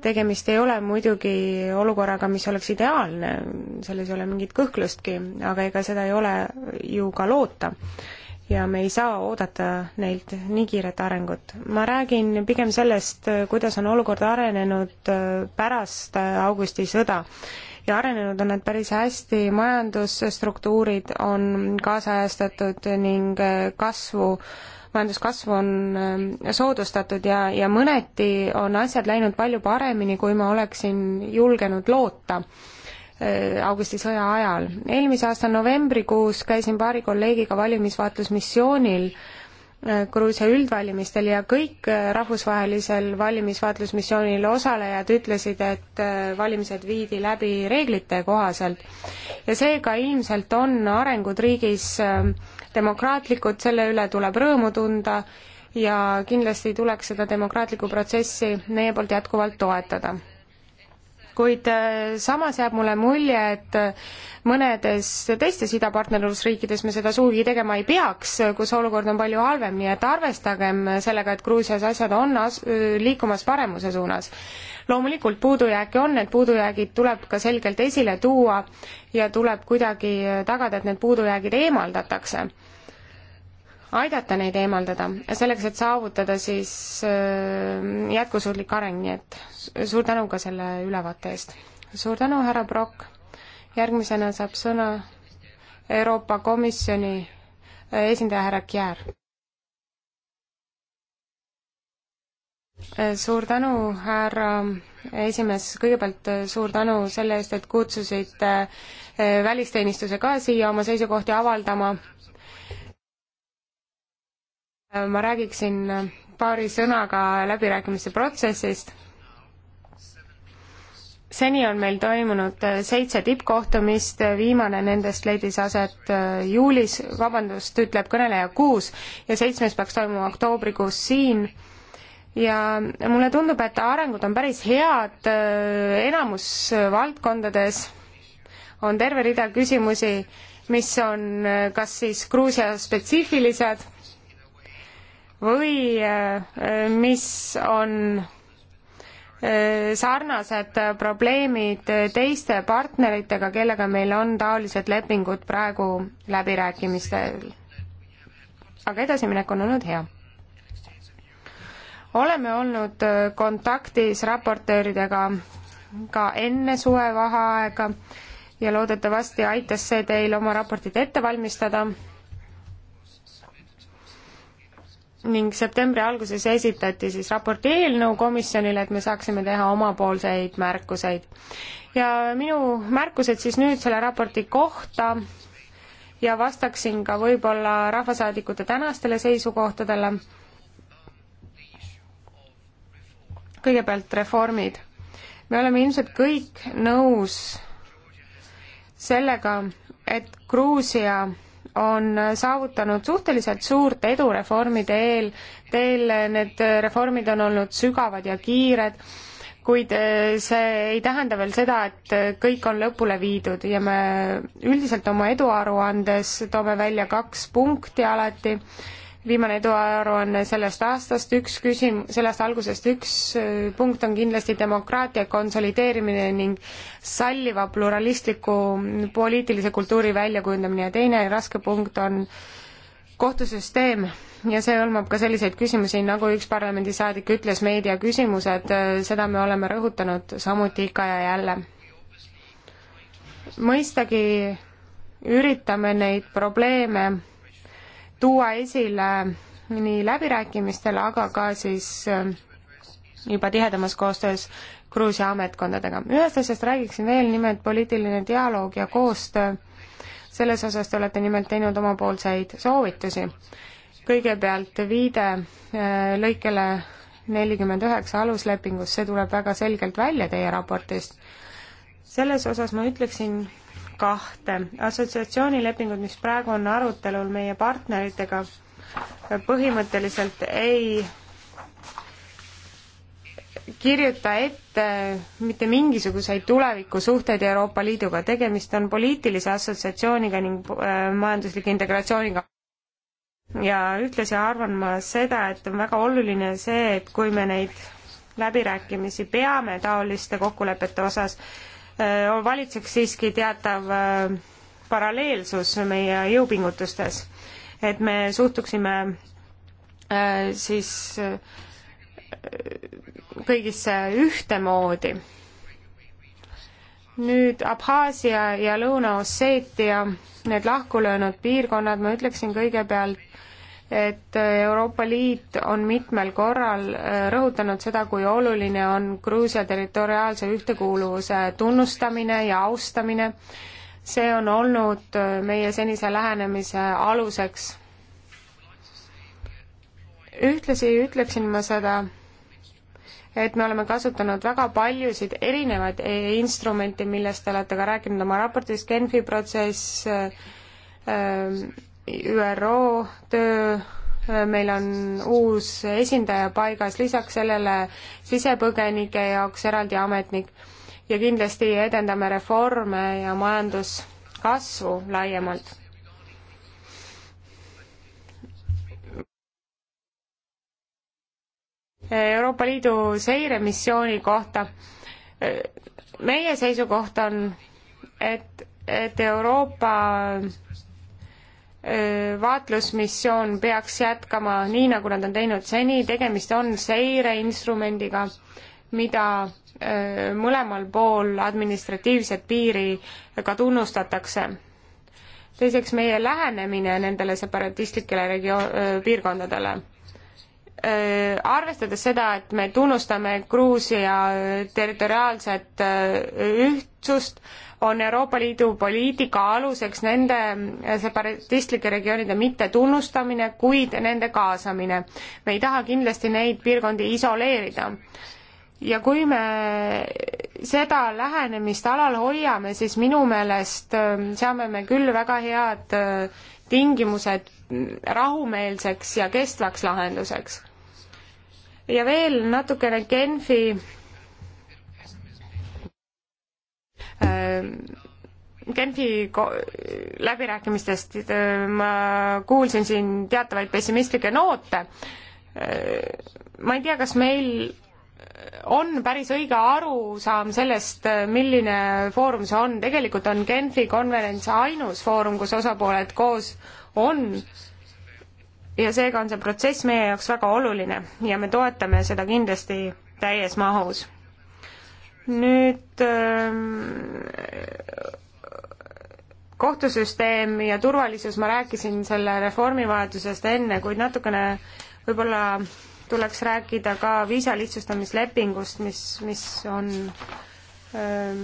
tegemist ei ole muidugi olukorraga, mis oleks ideaalne, selles ei ole mingit kõhklustki, aga ega seda ei ole ju ka loota ja me ei saa oodata neilt nii kiiret arengut. ma räägin pigem sellest, kuidas on olukord arenenud äh, pärast äh, augustisõda. ja arenenud on nad päris hästi, majandusstruktuurid on kaasajastatud ning äh, kasvu majanduskasv on soodustatud ja, ja mõneti on asjad läinud palju paremini, kui ma oleksin julgenud loota Äh, augustisõja ajal. eelmise aasta novembrikuus käisin paari kolleegiga valimisvaatlusmissioonil äh, Gruusia üldvalimistel ja kõik äh, rahvusvahelisel valimisvaatlusmissioonil osalejad ütlesid, et valimised viidi läbi reeglite kohaselt. ja seega ilmselt on arengud riigis demokraatlikud, selle üle tuleb rõõmu tunda ja kindlasti tuleks seda demokraatlikku protsessi meie poolt jätkuvalt toetada kuid äh, samas jääb mulle mulje, et äh, mõnedes teistes idapartnerlusriikides me seda sugugi tegema ei peaks, äh, kus olukord on palju halvem, nii et arvestagem sellega, et Gruusias asjad on as-, liikumas paremuse suunas. loomulikult puudujääke on, need puudujäägid tuleb ka selgelt esile tuua ja tuleb kuidagi tagada, et need puudujäägid eemaldatakse aidata neid eemaldada, selleks et saavutada siis äh, jätkusuutlik areng, nii et suur tänu ka selle ülevaate eest. suur tänu, härra Brock. järgmisena saab sõna Euroopa Komisjoni äh, esindaja härra Kjär. Äh, suur tänu, härra esimees, kõigepealt suur tänu selle eest, et kutsusite välisteenistuse ka siia oma seisukohti avaldama ma räägiksin paari sõnaga läbirääkimiste protsessist. seni on meil toimunud seitse tippkohtumist, viimane nendest leidis aset juulis, vabandust, ütleb kõneleja kuus ja seitsmes peaks toimuma oktoobrikuus siin ja mulle tundub, et arengud on päris head enamus valdkondades, on terve rida küsimusi, mis on kas siis Gruusia spetsiifilised või äh, mis on äh, sarnased probleemid teiste partneritega, kellega meil on taolised lepingud praegu läbirääkimistel. aga edasiminek on olnud hea. oleme olnud äh, kontaktis raportööridega ka enne suvevaheaega ja loodetavasti aitas see teil oma raportit ette valmistada ning septembri alguses esitati siis raporti eelnõu komisjonile, et me saaksime teha omapoolseid märkuseid. ja minu märkused siis nüüd selle raporti kohta ja vastaksin ka võib-olla rahvasaadikute tänastele seisukohtadele. kõigepealt reformid. me oleme ilmselt kõik nõus sellega, et Gruusia on saavutanud suhteliselt suurt edu reformide eel, teel need reformid on olnud sügavad ja kiired, kuid eh, see ei tähenda veel seda, et kõik on lõpule viidud ja me üldiselt oma eduaruandes toome välja kaks punkti alati viimane eduaruanne sellest aastast, üks küsim-, sellest algusest üks äh, punkt on kindlasti demokraatia konsolideerimine ning salliva pluralistliku poliitilise kultuuri väljakujundamine ja teine raske punkt on kohtusüsteem ja see hõlmab ka selliseid küsimusi, nagu üks parlamendisaadik ütles, meediaküsimused, äh, seda me oleme rõhutanud samuti ikka ja jälle. mõistagi üritame neid probleeme tuua esile nii läbirääkimistel, aga ka siis äh, juba tihedamas koostöös Gruusia ametkondadega. ühest asjast räägiksin veel, nimelt poliitiline dialoog ja koostöö. selles osas te olete nimelt teinud omapoolseid soovitusi. kõigepealt viide äh, lõikele nelikümmend üheksa aluslepingus, see tuleb väga selgelt välja teie raportist. selles osas ma ütleksin, kahte. assotsiatsioonilepingud, mis praegu on arutelul meie partneritega, põhimõtteliselt ei kirjuta ette mitte mingisuguseid tulevikusuhteid Euroopa Liiduga, tegemist on poliitilise assotsiatsiooniga ning äh, majandusliku integratsiooniga. ja ühtlasi arvan ma seda, et on väga oluline see, et kui me neid läbirääkimisi peame taoliste kokkulepete osas, Äh, valitseks siiski teatav äh, paralleelsus meie jõupingutustes, et me suhtuksime äh, siis kõigisse ühtemoodi. nüüd Abhaasia ja Lõuna-Osseetia, need lahkulöönud piirkonnad, ma ütleksin kõigepealt, et Euroopa Liit on mitmel korral äh, rõhutanud seda, kui oluline on Gruusia territoriaalse ühtekuuluvuse tunnustamine ja austamine. see on olnud äh, meie senise lähenemise aluseks. ühtlasi ütleksin ma seda, et me oleme kasutanud väga paljusid erinevaid e instrumente, millest te olete ka rääkinud oma raportis, Genfi protsess äh,, ähm, ÜRO töö, meil on uus esindaja paigas, lisaks sellele sisepõgenike jaoks eraldi ametnik ja kindlasti edendame reforme ja majanduskasvu laiemalt Euroopa Liidu seiremissiooni kohta. meie seisukoht on, et, et Euroopa vaatlusmissioon peaks jätkama nii, nagu nad on teinud seni, tegemist on seireinstrumendiga, mida mõlemal pool administratiivset piiri ka tunnustatakse. teiseks, meie lähenemine nendele separatistlikele regio-, piirkondadele Äh, arvestades seda, et me tunnustame Gruusia territoriaalset äh, ühtsust, on Euroopa Liidu poliitika aluseks nende äh, separatistlike regioonide mittetunnustamine, kuid nende kaasamine. me ei taha kindlasti neid piirkondi isoleerida ja kui me seda lähenemist alal hoiame, siis minu meelest seame me küll väga head tingimused rahumeelseks ja kestvaks lahenduseks. ja veel natukene Genfi ähm, Genfi läbirääkimistest ma kuulsin siin teatavaid pessimistlikke noote. Äh, ma ei tea, kas meil on päris õige arusaam sellest, milline foorum see on, tegelikult on Genfi konverents ainus foorum, kus osapooled koos on ja seega on see protsess meie jaoks väga oluline ja me toetame seda kindlasti täies mahus. nüüd ähm, kohtusüsteem ja turvalisus, ma rääkisin selle reformi vajadusest enne, kuid natukene võib-olla tuleks rääkida ka viisa lihtsustamislepingust, mis, mis on ähm,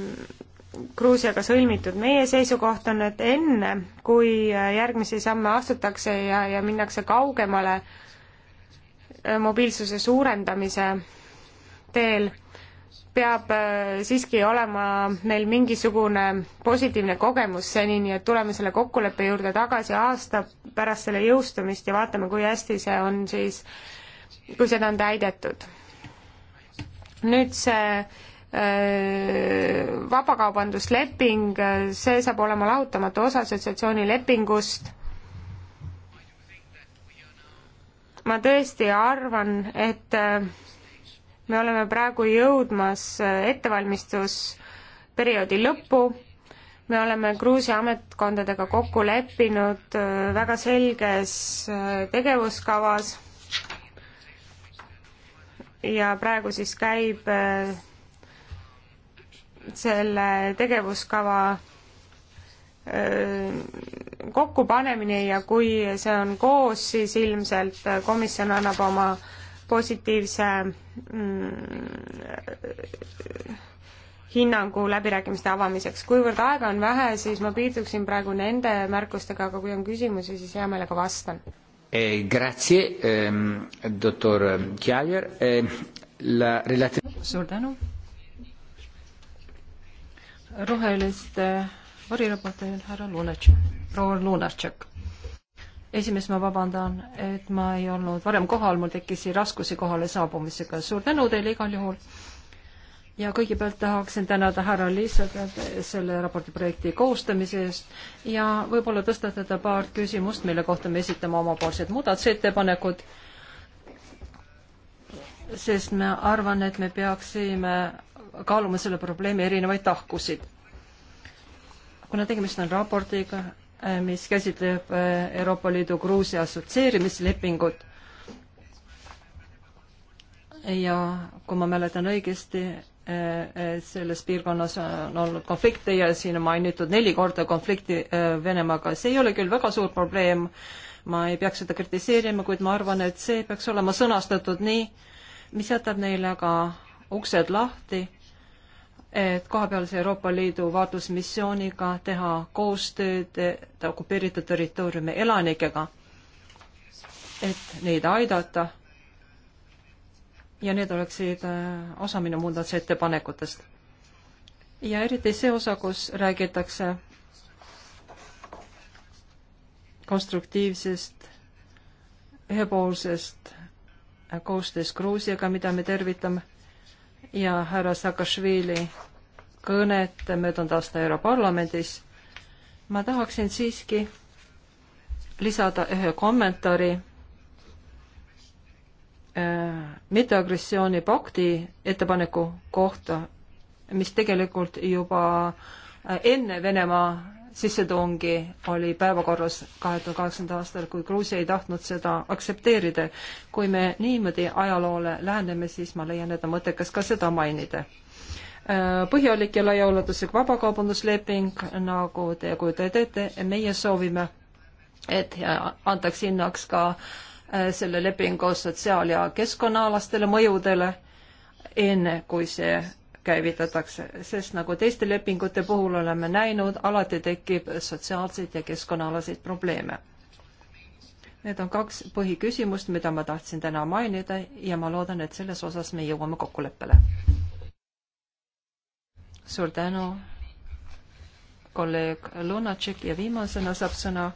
Gruusiaga sõlmitud. meie seisukoht on, et enne, kui äh, järgmisi samme astutakse ja, ja minnakse kaugemale äh, mobiilsuse suurendamise teel, peab äh, siiski olema meil mingisugune positiivne kogemus senini, et tuleme selle kokkuleppe juurde tagasi aasta pärast selle jõustumist ja vaatame, kui hästi see on siis äh, kui seda on täidetud. nüüd see äh, vabakaubandusleping, see saab olema lahutamatu osa assotsiatsioonilepingust. ma tõesti arvan, et äh, me oleme praegu jõudmas äh, ettevalmistusperioodi lõppu, me oleme Gruusia ametkondadega kokku leppinud väga selges tegevuskavas ja praegu siis käib äh, selle tegevuskava äh, kokkupanemine ja kui see on koos, siis ilmselt komisjon annab oma positiivse mm, hinnangu läbirääkimiste avamiseks. kuivõrd aega on vähe, siis ma piirduksin praegu nende märkustega, aga kui on küsimusi, siis hea meelega vastan. Eh, grazie ehm,, doktor Kjaier eh,. La relati-. suur tänu. roheliste variraportöör härra Lunatšek, proua Lunatšek. esimees, ma vabandan, et ma ei olnud varem kohal, mul tekkis raskusi kohale saabumisega. suur tänu teile igal juhul ja kõigepealt tahaksin tänada härra Liisagat selle raporti projekti koostamise eest ja võib-olla tõstatada paar küsimust, mille kohta me esitame omapoolsed muudatusettepanekud, sest ma arvan, et me peaksime kaaluma selle probleemi erinevaid tahkusid. kuna tegemist on raportiga, mis käsitleb eh, Euroopa Liidu Gruusia assotsieerimislepingut ja kui ma mäletan õigesti, Äh, äh, selles piirkonnas on olnud konflikte ja siin on mainitud neli korda konflikti äh, Venemaaga, see ei ole küll väga suur probleem, ma ei peaks seda kritiseerima, kuid ma arvan, et see peaks olema sõnastatud nii, mis jätab neile ka uksed lahti, et kohapealse Euroopa Liidu vaatlusmissiooniga teha koostööd okupeeritud territooriumi elanikega, et neid aidata ja need oleksid äh, osa minu muudatusettepanekutest. ja eriti see osa, kus räägitakse konstruktiivsest ühepoolsest äh, koostöös Gruusiaga, mida me tervitame, ja härra Saakašvili kõnet möödunud aasta Europarlamendis, ma tahaksin siiski lisada ühe kommentaari Äh, mitteagressiooni pakti ettepaneku kohta, mis tegelikult juba äh, enne Venemaa sissetungi oli päevakorras kahe tuhande kaheksandal aastal, kui Gruusia ei tahtnud seda aktsepteerida. kui me niimoodi ajaloole läheneme, siis ma leian, et on mõttekas ka seda mainida. Äh, põhjalik ja laiaulatuslik vabakaubandusleping, nagu te kujutate ette, meie soovime, et antaks hinnaks ka äh, Äh, selle lepingu sotsiaal- ja keskkonnaalastele mõjudele, enne kui see käivitatakse, sest nagu teiste lepingute puhul oleme näinud, alati tekib sotsiaalseid ja keskkonnaalaseid probleeme. Need on kaks põhiküsimust, mida ma tahtsin täna mainida ja ma loodan, et selles osas me jõuame kokkuleppele. suur tänu, kolleeg Lunatšik ja viimasena saab sõna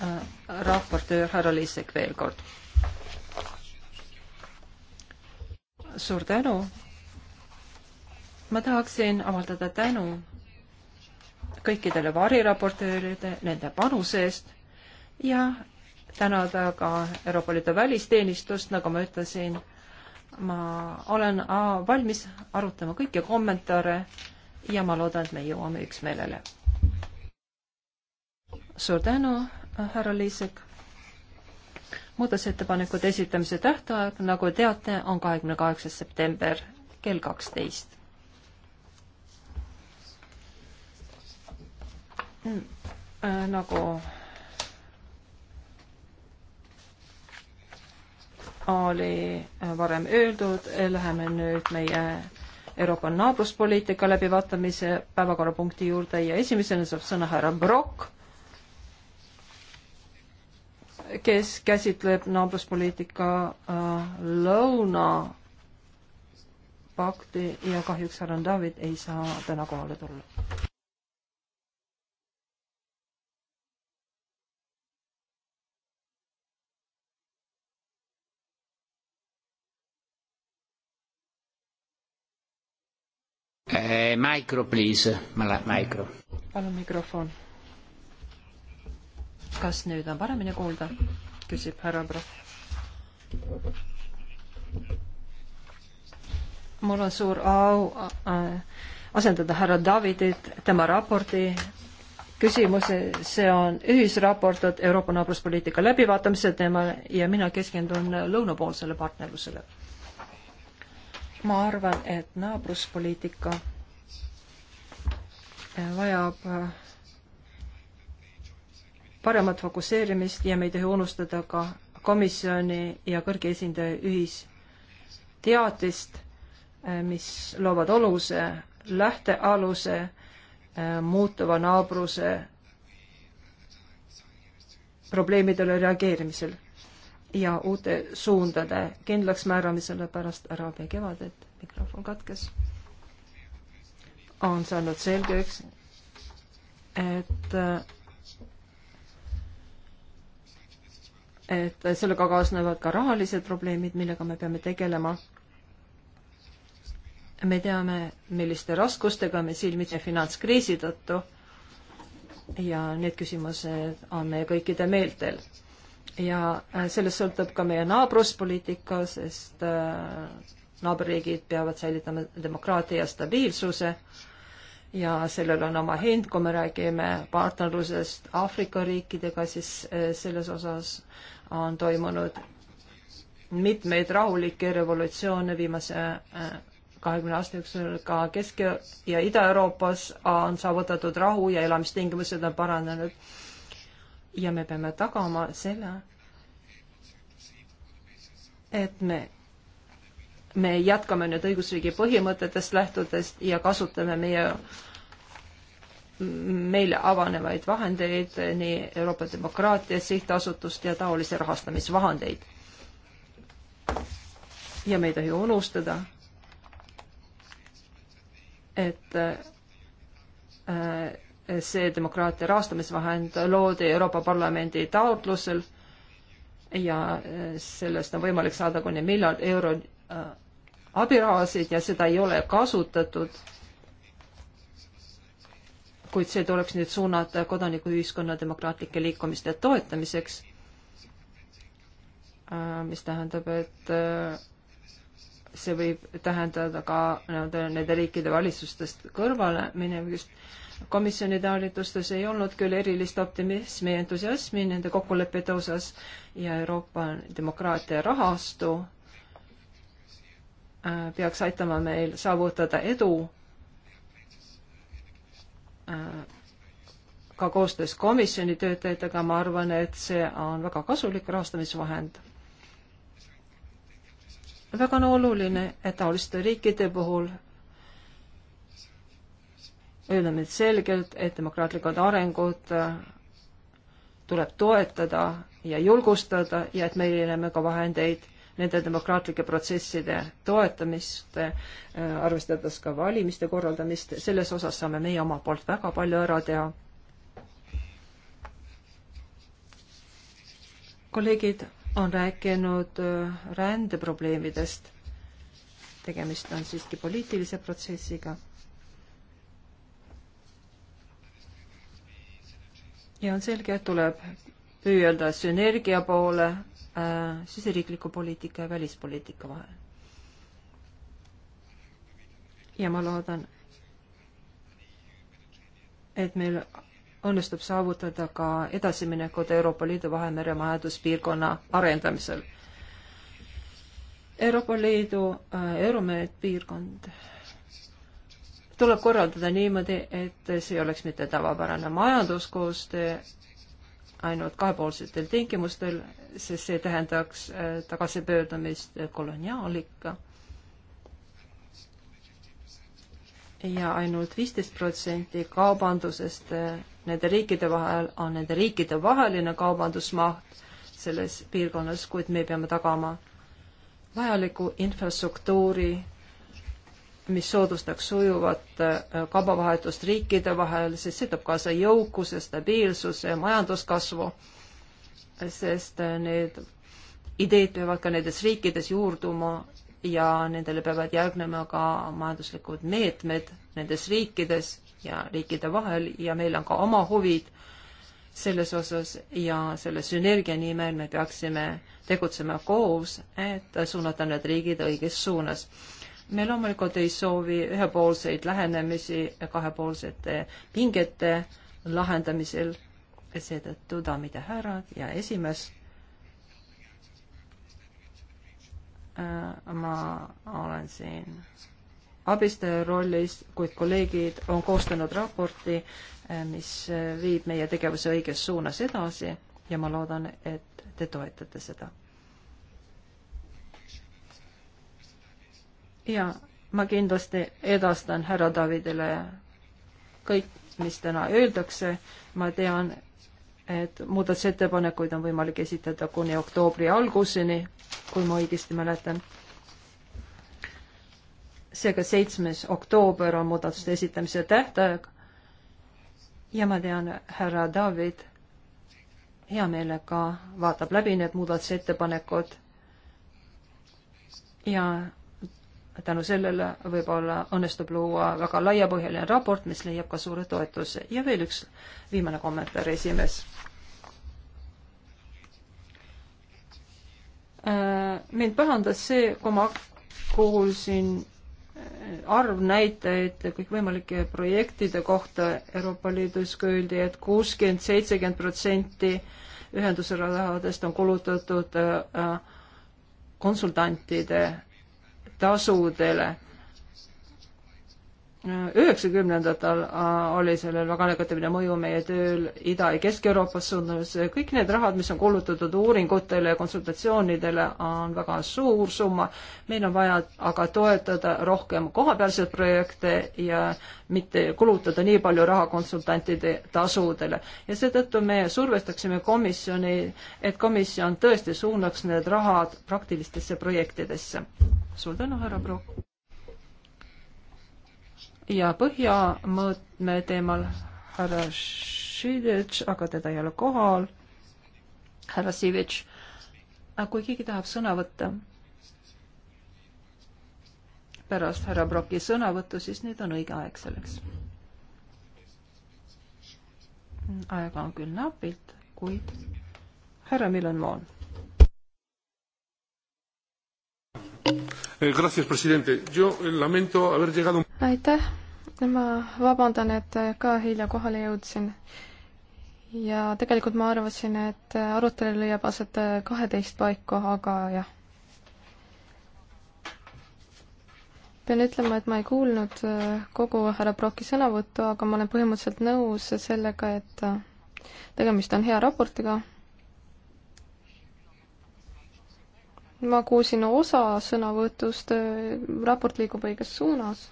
Äh, raportöör härra Liisek veel kord. suur tänu. ma tahaksin avaldada tänu kõikidele variraportööride nende panuse eest ja tänada ka Euroopa Liidu välisteenistust, nagu ma ütlesin, ma olen äh, valmis arutama kõiki kommentaare ja ma loodan, et me jõuame üksmeelele. suur tänu Äh, härra Liisek. muudatusettepanekute esitamise tähtaeg, nagu teate, on kahekümne kaheksas september kell kaksteist. Mm, äh, nagu oli äh, varem öeldud, läheme nüüd meie Euroopa naabruspoliitika läbivaatamise päevakorrapunkti juurde ja esimesena saab sõna härra Brock kes käsitleb naabruspoliitika äh, lõunapakti ja kahjuks härra David ei saa täna kohale tulla. Eh, micro, please. Micro. Palun mikrofon kas nüüd on paremini kuulda? küsib härra Proff. mul on suur au äh, asendada härra Davidit tema raporti küsimuse, see on ühisraport Euroopa naabruspoliitika läbivaatamise teemal ja mina keskendun lõunapoolsele partnerlusele. ma arvan, et naabruspoliitika vajab äh, paremat fokusseerimist ja me ei tohi unustada ka komisjoni ja kõrge esindaja ühisteadist, eh, mis loovad oluse, lähtealuse, eh, muutuva naabruse probleemidele reageerimisel ja uute suundade kindlaksmääramisele pärast araabia kevadet. mikrofon katkes. on saanud selgeks, et et sellega kaasnevad ka rahalised probleemid, millega me peame tegelema. me teame, milliste raskustega me silmitse finantskriisi tõttu ja need küsimused on meie kõikide meeltel. ja sellest sõltub ka meie naabruspoliitika, sest äh, naaberriigid peavad säilitama demokraatia ja stabiilsuse ja sellel on oma hind, kui me räägime partnerlusest Aafrika riikidega, siis äh, selles osas on toimunud mitmeid rahulikke revolutsioone viimase äh, kahekümne aasta jooksul ka Kesk- ja Ida-Euroopas on saavutatud rahu ja elamistingimused on paranenud. ja me peame tagama selle, et me, me jätkame nüüd õigusriigi põhimõtetest lähtudes ja kasutame meie äh, meile avanevaid vahendeid, nii Euroopa Demokraatia Sihtasutust ja taolisi rahastamisvahendeid. ja me ei tohi unustada, et äh, see demokraatia rahastamisvahend loodi Euroopa Parlamendi taotlusel ja äh, sellest on võimalik saada kuni miljard eurot äh, abirahasid ja seda ei ole kasutatud kuid see tuleks nüüd suunata kodanikuühiskonna demokraatlike liikumiste toetamiseks, äh, mis tähendab, et äh, see võib tähendada ka nii-öelda nende riikide valitsustest kõrvale minemist. komisjoni taolitustes ei olnud küll erilist optimismi ja entusiasmi nende kokkulepete osas ja Euroopa demokraatia rahastu äh, peaks aitama meil saavutada edu ka koostöös komisjoni töötajatega, ma arvan, et see on väga kasulik rahastamisvahend. väga on oluline, et taoliste riikide puhul ütleme selgelt, et demokraatlikud arengud äh, tuleb toetada ja julgustada ja et meil ei ole ka vahendeid nende demokraatlike protsesside toetamist, äh, arvestades ka valimiste korraldamist, selles osas saame meie omalt poolt väga palju ära teha. kolleegid on rääkinud äh, rändeprobleemidest. tegemist on siiski poliitilise protsessiga ja on selge, et tuleb püüelda sünergia poole Äh, siseriikliku poliitika ja välispoliitika vahel. ja ma loodan, et meil õnnestub saavutada ka edasiminekud Euroopa Liidu Vahemere majanduspiirkonna arendamisel. Euroopa Liidu äh, Euromeed piirkond tuleb korraldada niimoodi, et see ei oleks mitte tavapärane majanduskoostöö, ainult kahepoolsetel tingimustel, sest see tähendaks äh, tagasipöördumist koloniaalikka. ja ainult viisteist protsenti kaubandusest äh, nende riikide vahel on nende riikide vaheline kaubandusmaht selles piirkonnas, kuid me peame tagama vajaliku infrastruktuuri mis soodustaks sujuvat äh, kaubavahetust riikide vahel, sest see toob kaasa jõukuse, stabiilsuse, majanduskasvu, sest äh, need ideed peavad ka nendes riikides juurduma ja nendele peavad järgnema ka majanduslikud meetmed nendes riikides ja riikide vahel ja meil on ka oma huvid selles osas ja selle sünergia nimel me peaksime tegutsema koos, et suunata need riigid õiges suunas me loomulikult ei soovi ühepoolseid lähenemisi kahepoolsete pingete lahendamisel. seetõttu, daamid ja härrad ja esimees, äh, ma olen siin abistaja rollis, kuid kolleegid on koostanud raporti, äh, mis viib meie tegevuse õiges suunas edasi ja ma loodan, et te toetate seda ja ma kindlasti edastan härra Davidile kõik, mis täna öeldakse. ma tean, et muudatusettepanekuid on võimalik esitada kuni oktoobri alguseni, kui ma õigesti mäletan. seega seitsmes oktoober on muudatuste esitamise tähtaeg. ja ma tean, härra David hea meelega vaatab läbi need muudatusettepanekud ja tänu sellele võib-olla õnnestub luua väga laiapõhjaline raport, mis leiab ka suure toetuse. ja veel üks viimane kommentaar, esimees. Äh, mind pahandas see, kui ma kuulsin äh, arvnäitajaid kõikvõimalike projektide kohta Euroopa Liidus, kui öeldi, et kuuskümmend, seitsekümmend protsenti ühenduse rahadest on kulutatud äh, konsultantide tasudele üheksakümnendatel äh, oli sellel väga negatiivne mõju meie tööl Ida- ja Kesk-Euroopas suunas. kõik need rahad, mis on kulutatud uuringutele ja konsultatsioonidele, on väga suur summa. meil on vaja aga toetada rohkem kohapealseid projekte ja mitte kulutada nii palju raha konsultantide tasudele. ja seetõttu me survestaksime komisjoni, et komisjon tõesti suunaks need rahad praktilistesse projektidesse. suur tänu, härra Pruuk! ja põhjamõõtme teemal härra Šidetš, aga teda ei ole kohal, härra Sivitš. Äh, kui keegi tahab sõna võtta pärast härra Broki sõnavõttu, siis nüüd on õige aeg selleks. aega on küll napilt, kuid härra Milan Moon. Eh, gracias, presidente. Yo eh, lamento haber llegado aitäh, ma vabandan, et ka hilja kohale jõudsin. ja tegelikult ma arvasin, et arutelu leiab aset kaheteist paiku, aga jah. pean ütlema, et ma ei kuulnud kogu härra Proki sõnavõttu, aga ma olen põhimõtteliselt nõus sellega, et tegemist on hea raportiga ma kuulsin osa sõnavõtust, raport liigub õiges suunas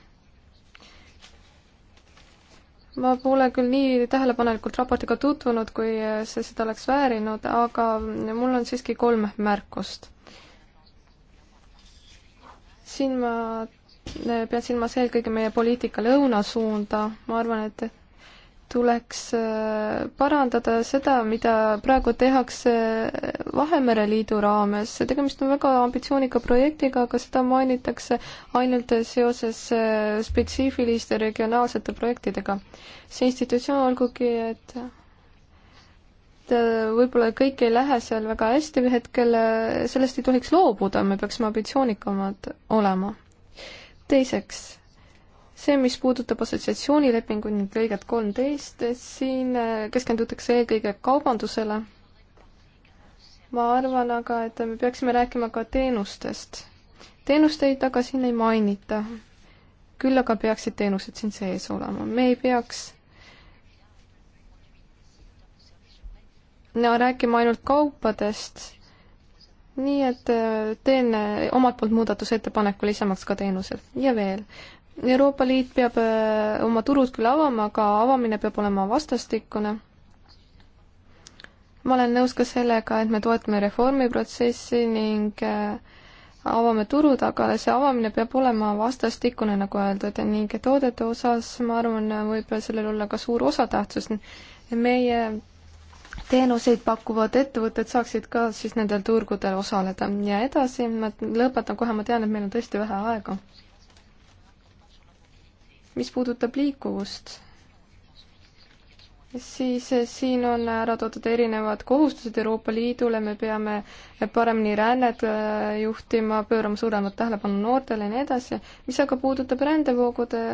ma pole küll nii tähelepanelikult raportiga tutvunud, kui see seda oleks väärinud, aga mul on siiski kolm märkust. siin ma pean silmas eelkõige meie poliitika lõunasuunda, ma arvan, et tuleks äh, parandada seda, mida praegu tehakse Vahemere Liidu raames. tegemist on väga ambitsioonika projektiga, aga seda mainitakse ainult seoses äh, spetsiifiliste regionaalsete projektidega. see institutsioon, olgugi et võib-olla kõik ei lähe seal väga hästi või hetkel, äh, sellest ei tohiks loobuda, me peaksime ambitsioonikamad olema. teiseks see, mis puudutab assotsiatsioonilepingut ning lõiget kolmteist, siin äh, keskendutakse eelkõige kaubandusele. ma arvan aga, et me peaksime rääkima ka teenustest. teenusteid aga siin ei mainita. küll aga peaksid teenused siin sees olema, me ei peaks no rääkima ainult kaupadest, nii et äh, teen äh, omalt poolt muudatusettepaneku lisamaks ka teenused ja veel Euroopa Liit peab äh, oma turud küll avama, aga avamine peab olema vastastikune. ma olen nõus ka sellega, et me toetame reformiprotsessi ning äh, avame turud, aga see avamine peab olema vastastikune, nagu öeldud, ning toodete osas, ma arvan, võib sellel olla ka suur osatähtsus. meie teenuseid pakuvad ettevõtted saaksid ka siis nendel turgudel osaleda ja edasi, ma lõpetan kohe, ma tean, et meil on tõesti vähe aega mis puudutab liikuvust, siis eh, siin on ära toodud erinevad kohustused Euroopa Liidule, me peame paremini rännet eh, juhtima, pöörama suuremat tähelepanu noortele ja nii edasi. mis aga puudutab rändevoogude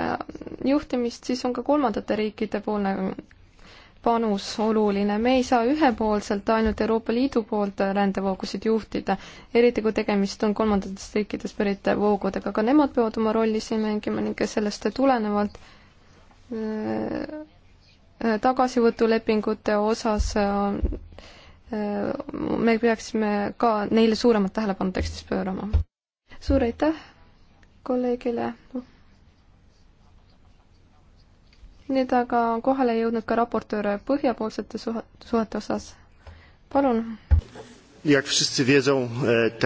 eh, juhtimist, siis on ka kolmandate riikide poolne panus oluline, me ei saa ühepoolselt ainult Euroopa Liidu poolt rändevoogusid juhtida, eriti kui tegemist on kolmandatest riikidest pärit voogudega, ka nemad peavad oma rolli siin mängima ning sellest tulenevalt äh, äh tagasivõtulepingute osas äh, me peaksime ka neile suuremat tähelepanu tekstis pöörama. suur aitäh kolleegile no nüüd aga on kohale jõudnud ka raportöör põhjapoolsete suhete osas. palun. E,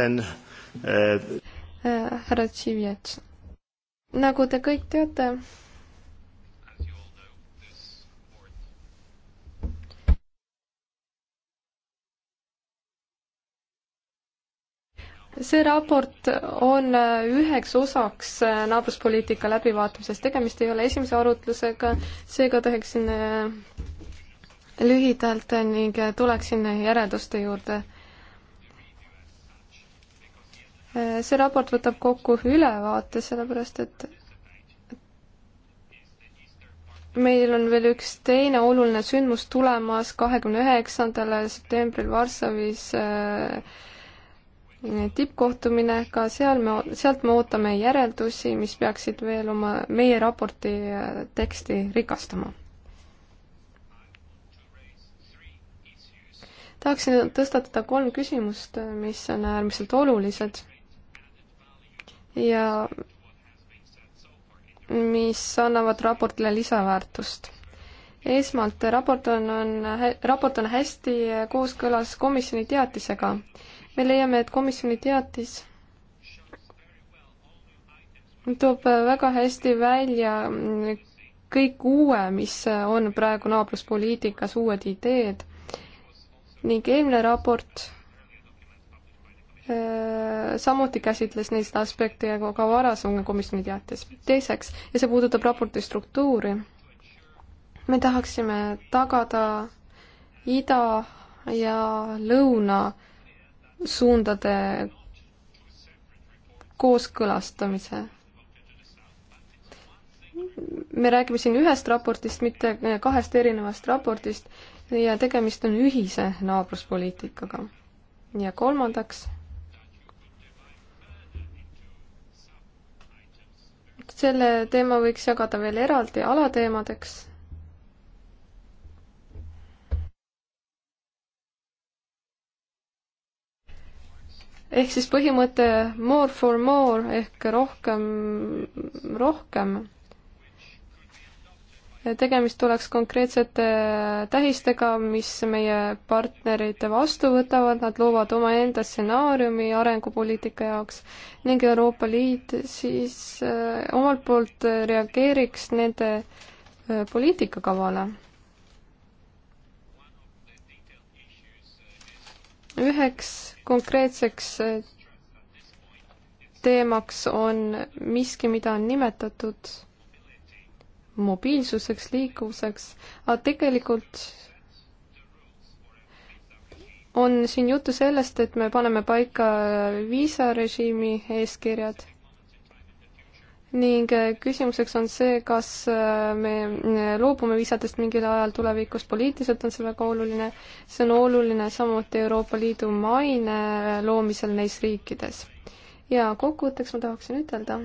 e, e, härra Tšivjats, nagu te kõik teate, see raport on üheks osaks äh, naabruspoliitika läbivaatamisest, tegemist ei ole esimese arutlusega, seega teeksin äh, lühidalt ning äh, tuleksin järelduste juurde. see raport võtab kokku ülevaate, sellepärast et meil on veel üks teine oluline sündmus tulemas kahekümne üheksandal septembril Varssavis äh, tippkohtumine, ka seal me, sealt me ootame järeldusi, mis peaksid veel oma, meie raporti äh, teksti rikastama. tahaksin tõstatada kolm küsimust, äh, mis on äärmiselt olulised ja mis annavad raportile lisaväärtust esmalt raport on, on, raport on hästi äh, kooskõlas komisjoni teatisega me leiame, et komisjoni teatis toob väga hästi välja kõik uue, mis on praegu naabruspoliitikas, uued ideed ning eelmine raport äh, samuti käsitles neid aspekte ja ka varasem komisjoni teatis. teiseks, ja see puudutab raporti struktuuri, me tahaksime tagada ida ja lõuna suundade kooskõlastamise. me räägime siin ühest raportist, mitte kahest erinevast raportist ja tegemist on ühise naabruspoliitikaga. ja kolmandaks, selle teema võiks jagada veel eraldi alateemadeks ehk siis põhimõte more for more ehk rohkem, rohkem. tegemist tuleks konkreetsete tähistega, mis meie partnerid vastu võtavad, nad loovad omaenda stsenaariumi arengupoliitika jaoks ning Euroopa Liit siis äh, omalt poolt reageeriks nende äh, poliitikakavale üheks konkreetseks eh, teemaks on miski, mida on nimetatud mobiilsuseks, liikuvuseks, aga tegelikult on siin juttu sellest, et me paneme paika viisarežiimi eeskirjad ning äh, küsimuseks on see, kas äh, me äh, loobume viisadest mingil ajal tulevikus, poliitiliselt on see väga oluline, see on oluline samuti Euroopa Liidu maine loomisel neis riikides. ja kokkuvõtteks ma tahaksin ütelda,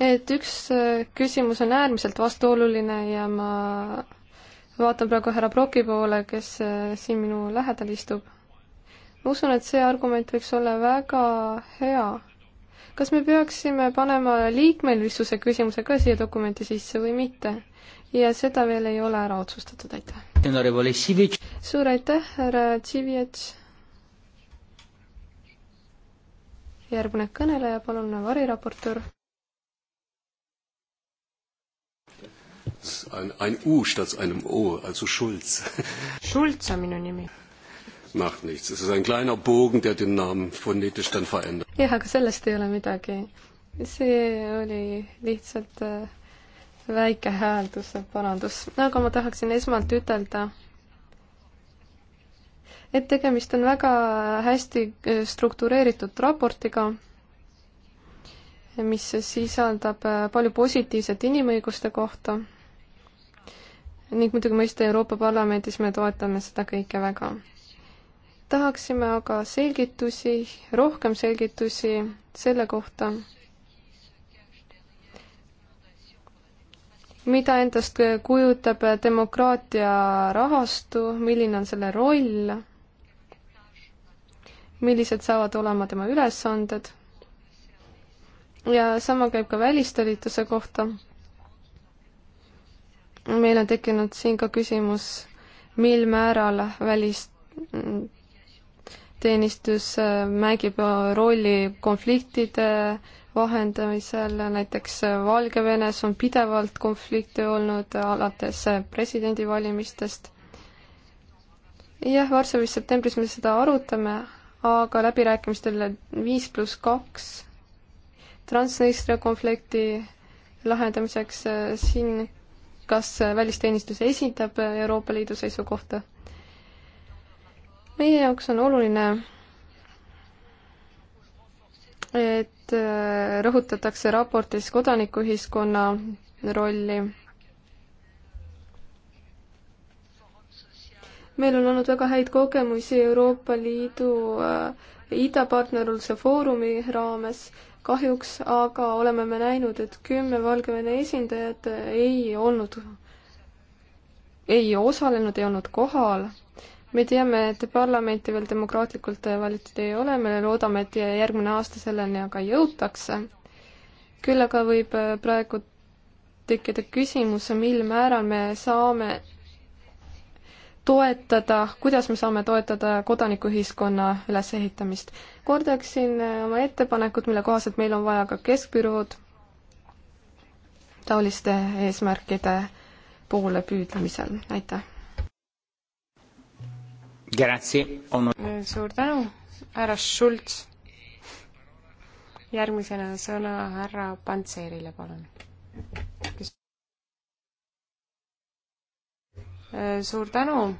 et üks küsimus on äärmiselt vastuoluline ja ma vaatan praegu härra Broki poole, kes siin minu lähedal istub ma usun, et see argument võiks olla väga hea. kas me peaksime panema liikmelisuse küsimuse ka siia dokumenti sisse või mitte? ja seda veel ei ole ära otsustatud, aitäh. suur aitäh, härra Tšivjets. järgmine kõneleja, palun, variraportöör. Ein, ein U statt einem O, also Schulz. Schulz on minu nimi macht nichts. Es ist ein kleiner Bogen, der den Namen phonetisch dann verändert. jah, aga sellest ei ole midagi. see oli lihtsalt äh, väike häälduse parandus, aga ma tahaksin esmalt ütelda, et tegemist on väga hästi äh, struktureeritud raportiga, mis sisaldab äh, palju positiivset inimõiguste kohta ning muidugi mõista Euroopa Parlamendis me toetame seda kõike väga tahaksime aga selgitusi, rohkem selgitusi selle kohta, mida endast kujutab demokraatia rahastu, milline on selle roll, millised saavad olema tema ülesanded ja sama käib ka välistalituse kohta. meil on tekkinud siin ka küsimus, mil määral välist välisteenistus äh, mängib äh, rolli konfliktide vahendamisel, näiteks äh, Valgevenes on pidevalt konflikte olnud alates presidendivalimistest. jah, Varssavis septembris me seda arutame, aga läbirääkimistel viis pluss kaks Transnistria konflikti lahendamiseks siin, kas välisteenistus esindab Euroopa Liidu seisukohta? meie jaoks on oluline, et äh, rõhutatakse raportis kodanikuühiskonna rolli. meil on olnud väga häid kogemusi Euroopa Liidu äh, idapartnerluse foorumi raames, kahjuks aga oleme me näinud, et kümme Valgevene esindajat ei olnud, ei osalenud, ei olnud kohal me teame, et parlamenti veel demokraatlikult valitud ei ole, me loodame, et järgmine aasta selleni aga jõutakse. küll aga võib äh, praegu tekkida küsimus, mil määral me saame toetada, kuidas me saame toetada kodanikuühiskonna ülesehitamist. kordaksin äh, oma ettepanekut, mille kohaselt meil on vaja ka keskbürood taoliste eesmärkide poole püüdlemisel, aitäh! suur tänu, härra Schultz. järgmisena sõna härra Pantseerile, palun. suur tänu.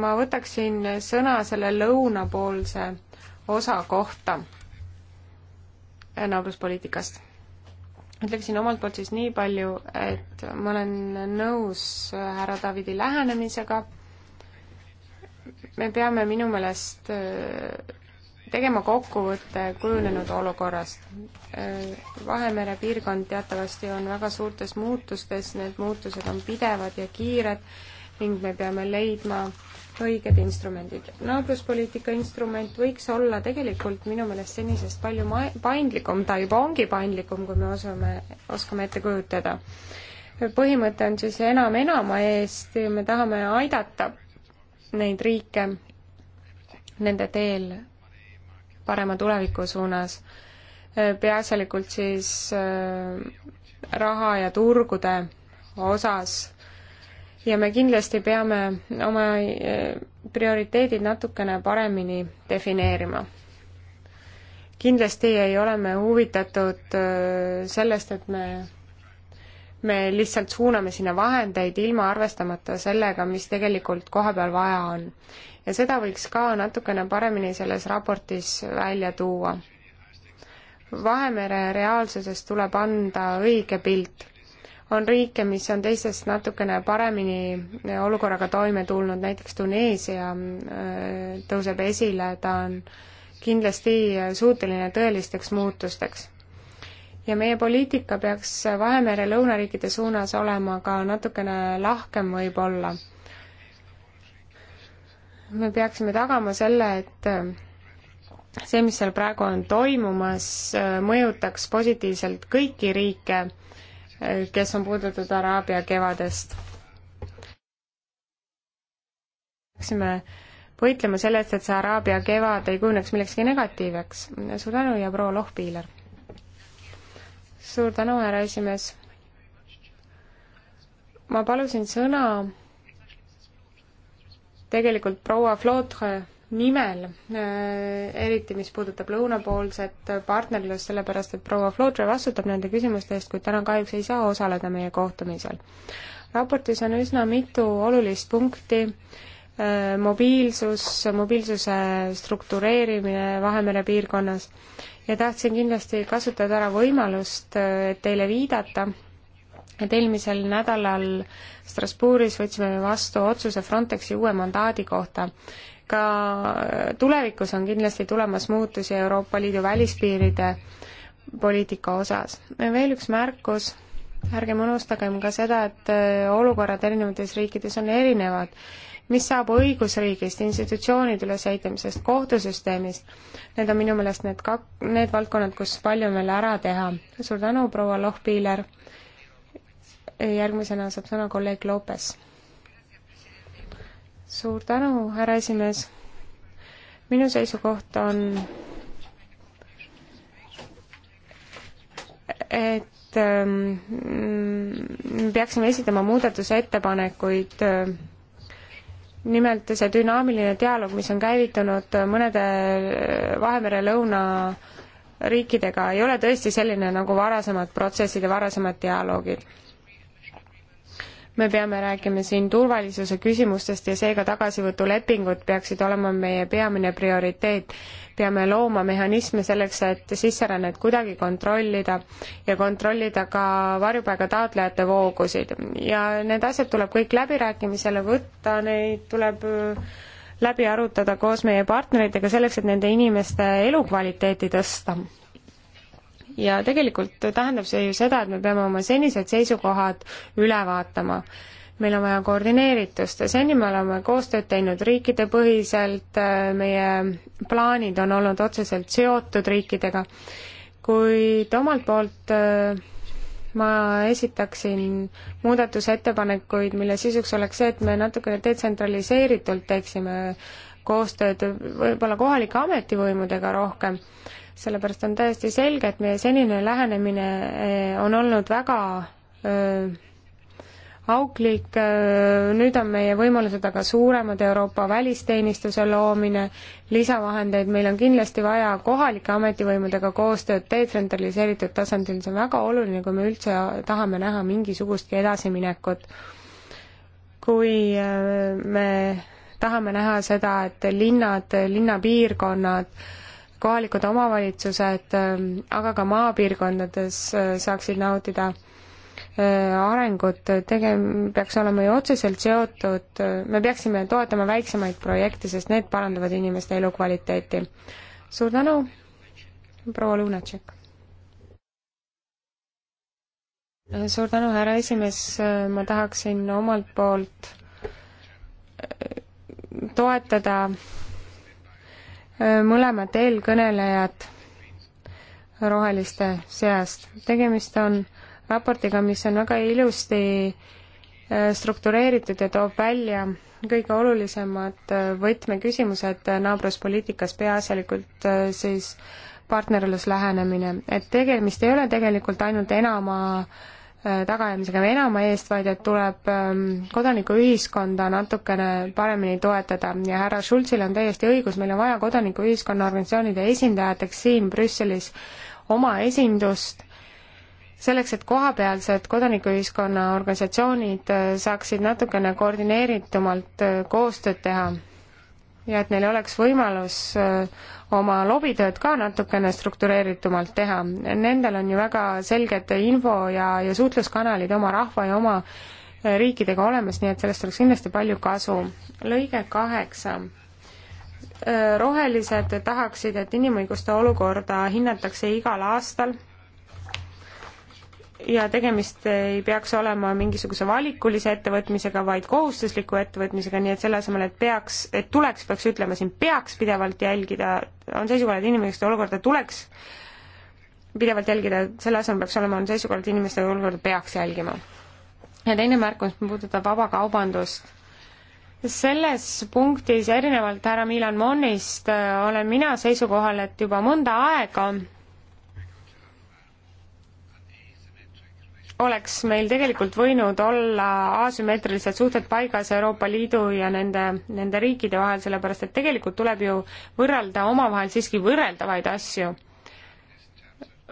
ma võtaksin sõna selle lõunapoolse osa kohta naabruspoliitikast ütleksin omalt poolt siis nii palju, et ma olen nõus härra Davidi lähenemisega me peame minu meelest äh, tegema kokkuvõtte kujunenud olukorrast. Äh, Vahemere piirkond teatavasti on väga suurtes muutustes, need muutused on pidevad ja kiired ning me peame leidma õiged instrumendid. naabruspoliitika instrument võiks olla tegelikult minu meelest senisest palju ma-, paindlikum, ta juba ongi paindlikum, kui me osame, oskame ette kujutada. põhimõte on siis enam enama eest, me tahame aidata neid riike nende teel parema tuleviku suunas. peaasjalikult siis äh, raha ja turgude osas ja me kindlasti peame oma äh, prioriteedid natukene paremini defineerima. kindlasti ei ole me huvitatud äh, sellest, et me me lihtsalt suuname sinna vahendeid ilma arvestamata sellega, mis tegelikult kohapeal vaja on. ja seda võiks ka natukene paremini selles raportis välja tuua. Vahemere reaalsusest tuleb anda õige pilt. on riike, mis on teistest natukene paremini olukorraga toime tulnud, näiteks Tuneesia äh, tõuseb esile, ta on kindlasti suuteline tõelisteks muutusteks ja meie poliitika peaks Vahemere lõunariikide suunas olema ka natukene lahkem võib-olla. me peaksime tagama selle, et see, mis seal praegu on toimumas, mõjutaks positiivselt kõiki riike, kes on puudutud Araabia kevadest. peaksime võitlema selle eest, et see Araabia kevad ei kujuneks millekski negatiivseks. suur tänu ja proua Lohpiiler! suur tänu, härra esimees. ma palusin sõna tegelikult proua Flotre nimel, äh, eriti mis puudutab lõunapoolset partnerlust, sellepärast et proua Flotre vastutab nende küsimuste eest, kuid täna kahjuks ei saa osaleda meie kohtumisel. raportis on üsna mitu olulist punkti, äh, mobiilsus, mobiilsuse struktureerimine Vahemere piirkonnas ja tahtsin kindlasti kasutada ära võimalust äh, teile viidata, et eelmisel nädalal Strasbourgis võtsime vastu otsuse Frontexi uue mandaadi kohta. ka äh, tulevikus on kindlasti tulemas muutusi Euroopa Liidu välispiiride poliitika osas. veel üks märkus, ärgem unustagem ka seda, et äh, olukorrad erinevates riikides on erinevad mis saab õigusriigist, institutsioonide ülesehitamisest, kohtusüsteemist. Need on minu meelest need kak-, need valdkonnad, kus palju on veel ära teha. suur tänu, proua Lohpiiler. järgmisena saab sõna kolleeg Lopes. suur tänu, härra esimees. minu seisukoht on et me ähm, peaksime esitama muudatusettepanekuid äh, nimelt see dünaamiline dialoog, mis on käivitunud mõnede eh, Vahemere lõuna riikidega, ei ole tõesti selline nagu varasemad protsessid ja varasemad dialoogid. me peame rääkima siin turvalisuse küsimustest ja seega tagasivõtulepingud peaksid olema meie peamine prioriteet peame looma mehhanisme selleks, et sisserännet kuidagi kontrollida ja kontrollida ka varjupaiga taotlejate voogusid. ja need asjad tuleb kõik läbirääkimisele võtta, neid tuleb äh, läbi arutada koos meie partneritega selleks, et nende inimeste elukvaliteeti tõsta. ja tegelikult tähendab see ju seda, et me peame oma senised seisukohad üle vaatama meil on vaja koordineeritust ja seni me oleme koostööd teinud riikidepõhiselt, meie plaanid on olnud otseselt seotud riikidega, kuid omalt poolt äh, ma esitaksin muudatusettepanekuid, mille sisuks oleks see, et me natukene detsentraliseeritult teeksime koostööd võib-olla kohalike ametivõimudega rohkem, sellepärast on täiesti selge, et meie senine lähenemine äh, on olnud väga öö, äh, auklik, äh, nüüd on meie võimalused aga suuremad, Euroopa välisteenistuse loomine, lisavahendeid, meil on kindlasti vaja kohalike ametivõimudega koostööd, detsentraliseeritud tasandil, see on väga oluline, kui me üldse tahame näha mingisugustki edasiminekut. kui äh, me tahame näha seda, et linnad, linnapiirkonnad, kohalikud omavalitsused, äh, aga ka maapiirkondades saaksid nautida Äh, arengut tege-, peaks olema ju otseselt seotud, äh, me peaksime toetama väiksemaid projekte, sest need parandavad inimeste elukvaliteeti. suur tänu, proua Lunatšek! Äh, suur tänu, härra esimees, ma tahaksin omalt poolt toetada mõlemat eelkõnelejat roheliste seast. tegemist on raportiga, mis on väga ilusti äh, struktureeritud ja toob välja kõige olulisemad äh, võtmeküsimused äh, naabruspoliitikas, peaasjalikult siis partnerluslähenemine, et tegemist ei ole tegelikult ainult enama tagaajamisega või enama eest, vaid et tuleb ähm, kodanikuühiskonda natukene paremini toetada ja härra Schultzil on täiesti õigus, meil on vaja kodanikuühiskonna organisatsioonide esindajateks siin Brüsselis oma esindust selleks, et kohapealsed kodanikuühiskonna organisatsioonid äh, saaksid natukene koordineeritumalt äh, koostööd teha ja et neil oleks võimalus äh, oma lobitööd ka natukene struktureeritumalt teha. Nendel on ju väga selged info- ja, ja suhtluskanalid oma rahva ja oma riikidega olemas, nii et sellest oleks kindlasti palju kasu. lõige kaheksa. rohelised tahaksid, et inimõiguste olukorda hinnatakse igal aastal ja tegemist ei peaks olema mingisuguse valikulise ettevõtmisega, vaid kohustusliku ettevõtmisega, nii et selle asemel, et peaks, et tuleks, peaks ütlema siin, peaks pidevalt jälgida, on seisukohal, et inimeste olukorda tuleks pidevalt jälgida, selle asemel peaks olema, on seisukohal, et inimeste olukorda peaks jälgima. ja teine märkus, mis puudutab vabakaubandust, selles punktis erinevalt härra Milan Monist olen mina seisukohal, et juba mõnda aega oleks meil tegelikult võinud olla asümmeetrilised suhted paigas Euroopa Liidu ja nende, nende riikide vahel, sellepärast et tegelikult tuleb ju võrrelda omavahel siiski võrreldavaid asju.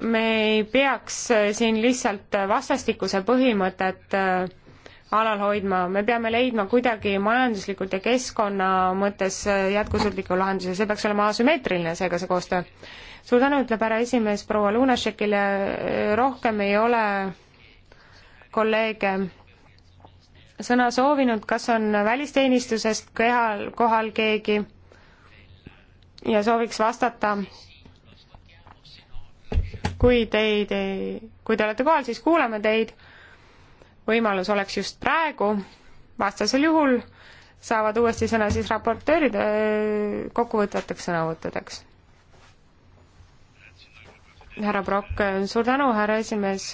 me ei peaks äh, siin lihtsalt äh, vastastikuse põhimõtet äh, alal hoidma, me peame leidma kuidagi majanduslikult ja keskkonna mõttes jätkusuutliku lahenduse, see peaks olema asümmeetriline, seega see koostöö. suur tänu, ütleb härra esimees proua Lunašekile, rohkem ei ole kolleege sõna soovinud, kas on välisteenistusest kehal, kohal keegi ja sooviks vastata? kui teid ei, kui te olete kohal, siis kuulame teid. võimalus oleks just praegu, vastasel juhul saavad uuesti sõna siis raportöörid kokkuvõtvateks sõnavõttudeks. härra Prokk, suur tänu, härra esimees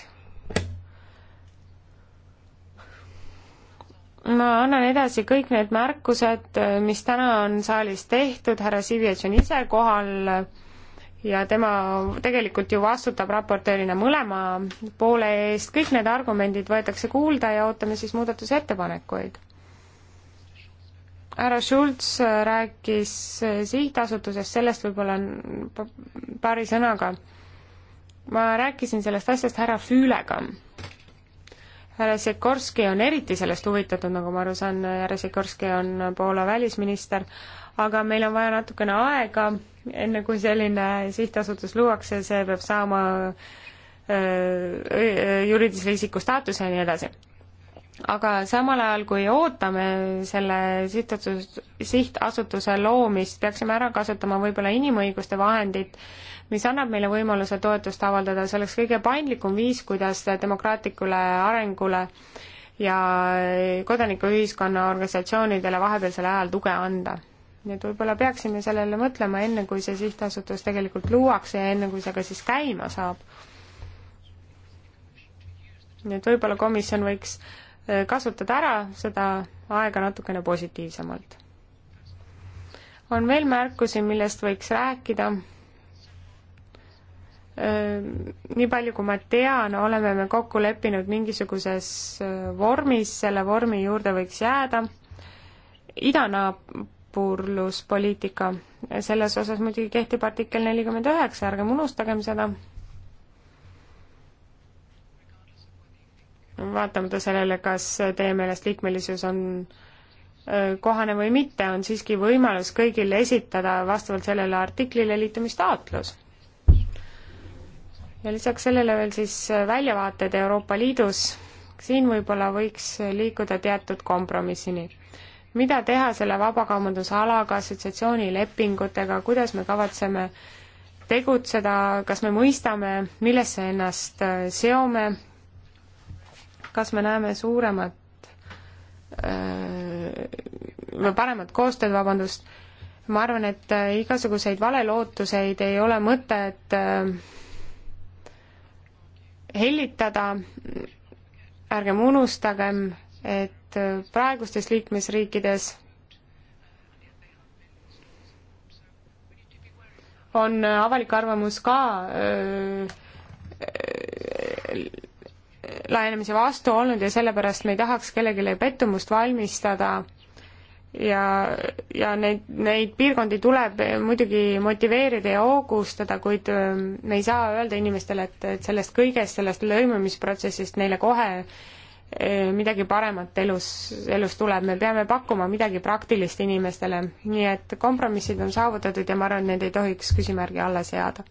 ma annan edasi kõik need märkused, mis täna on saalis tehtud, härra Sivjets on ise kohal ja tema tegelikult ju vastutab raportöörina mõlema poole eest, kõik need argumendid võetakse kuulda ja ootame siis muudatusettepanekuid. härra Schulz rääkis sihtasutusest, sellest võib-olla paari sõnaga. ma rääkisin sellest asjast härra Füülega härra Sikorski on eriti sellest huvitatud, nagu ma aru saan, härra Sikorski on Poola välisminister, aga meil on vaja natukene aega, enne kui selline sihtasutus luuakse, see peab saama äh, äh, juriidilise isiku staatuse ja nii edasi. aga samal ajal, kui ootame selle sihtasutus, sihtasutuse loomist, peaksime ära kasutama võib-olla inimõiguste vahendit, mis annab meile võimaluse toetust avaldada, see oleks kõige paindlikum viis, kuidas demokraatlikule arengule ja kodanikuühiskonna organisatsioonidele vahepealsel ajal tuge anda. nii et võib-olla peaksime sellele mõtlema, enne kui see sihtasutus tegelikult luuakse ja enne kui see ka siis käima saab. nii et võib-olla komisjon võiks eh, kasutada ära seda aega natukene positiivsemalt on veel märkusi, millest võiks rääkida Ehm, nii palju kui ma tean, oleme me kokku leppinud mingisuguses äh, vormis, selle vormi juurde võiks jääda idanaaburluspoliitika, selles osas muidugi kehtib artikkel nelikümmend üheksa, ärgem unustagem seda. vaatamata sellele, kas teie meelest liikmelisus on äh, kohane või mitte, on siiski võimalus kõigil esitada vastavalt sellele artiklile liitumistaotlus ja lisaks sellele veel siis väljavaated Euroopa Liidus, siin võib-olla võiks liikuda teatud kompromissini. mida teha selle vabakaubandusalaga, assotsiatsioonilepingutega, kuidas me kavatseme tegutseda, kas me mõistame, millesse ennast äh, seome, kas me näeme suuremat äh, või paremat koostööd, vabandust, ma arvan, et äh, igasuguseid valelootuseid ei ole mõtet hellitada, ärgem unustagem, et praegustes liikmesriikides on avalik arvamus ka öö, äh, öö, äh, laienemise vastu olnud ja sellepärast me ei tahaks kellelegi pettumust valmistada ja, ja neid, neid piirkondi tuleb muidugi motiveerida ja hoogustada, kuid ähm, me ei saa öelda inimestele, et, et sellest kõigest, sellest lõimumisprotsessist neile kohe äh, midagi paremat elus, elus tuleb, me peame pakkuma midagi praktilist inimestele, nii et kompromissid on saavutatud ja ma arvan, et need ei tohiks küsimärgi alla seada.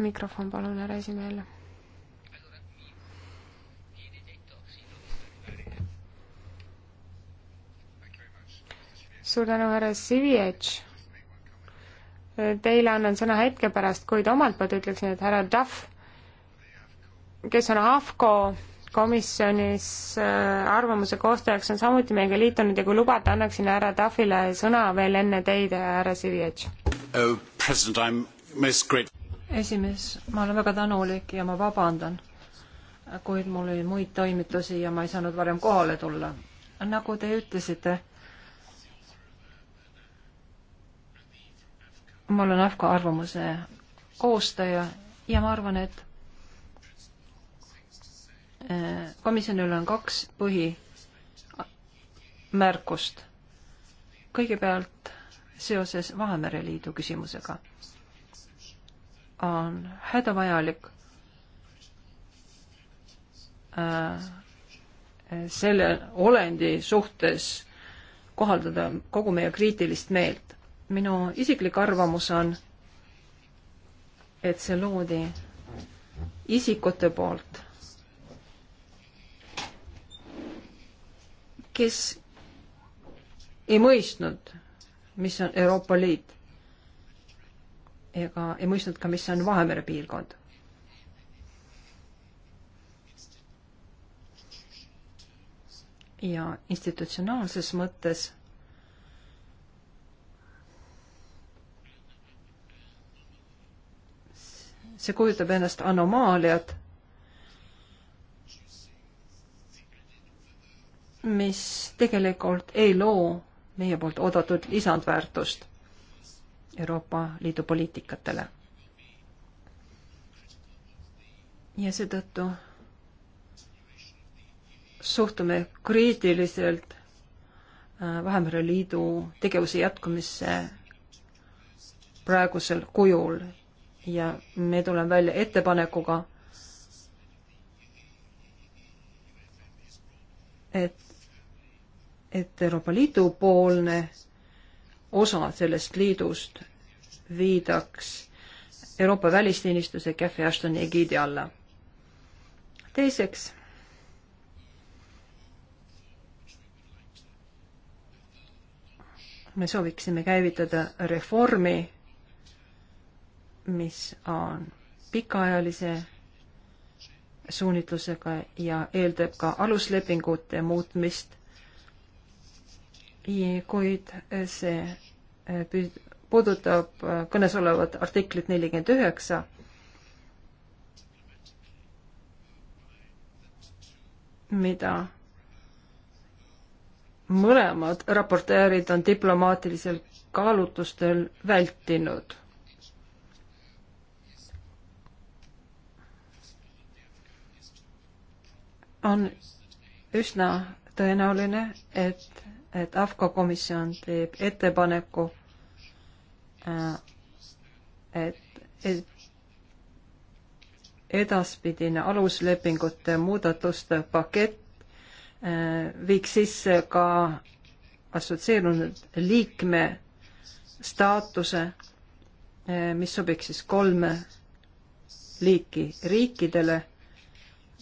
mikrofon palun härra esimehele suur tänu, härra Sivietš. Teile annan sõna hetke pärast, kuid omalt poolt ütleksin, et härra Duff, kes on AFCO komisjonis äh, arvamuse koostajaks, on samuti meiega liitunud ja kui lubate, annaksin härra Duffile sõna veel enne teid, härra Sivietš oh,. esimees, ma olen väga tänulik ja ma vabandan, kuid mul oli muid toimitusi ja ma ei saanud varem kohale tulla. nagu te ütlesite ma olen AFCA arvamuse koostaja ja ma arvan, et äh, komisjonil on kaks põhimärkust. kõigepealt seoses Vahemere Liidu küsimusega on hädavajalik äh, selle olendi suhtes kohaldada kogu meie kriitilist meelt minu isiklik arvamus on, et see loodi isikute poolt, kes ei mõistnud, mis on Euroopa Liit ega ei mõistnud ka, mis on Vahemere piirkond. ja institutsionaalses mõttes see kujutab endast anomaaliat, mis tegelikult ei loo meie poolt oodatud lisandväärtust Euroopa Liidu poliitikatele. ja seetõttu suhtume kriitiliselt äh, Vahemere Liidu tegevuse jätkumisse praegusel kujul ja me tuleme välja ettepanekuga, et, et Euroopa Liidu poolne osa sellest liidust viidaks Euroopa välisteenistuse Cafe Ashtoni egiidi alla. teiseks me sooviksime käivitada reformi mis on pikaajalise suunitlusega ja eeldab ka aluslepingute muutmist. kuid see äh, puudutab äh, kõnesolevat artiklit nelikümmend üheksa, mida mõlemad raportöörid on diplomaatilisel kaalutlustel vältinud on üsna tõenäoline, et, et AFCO komisjon teeb ettepaneku, äh, et, et edaspidine aluslepingute muudatuste pakett äh, viiks sisse ka assotsieerunud liikme staatuse, äh, mis sobiks siis kolme liiki riikidele,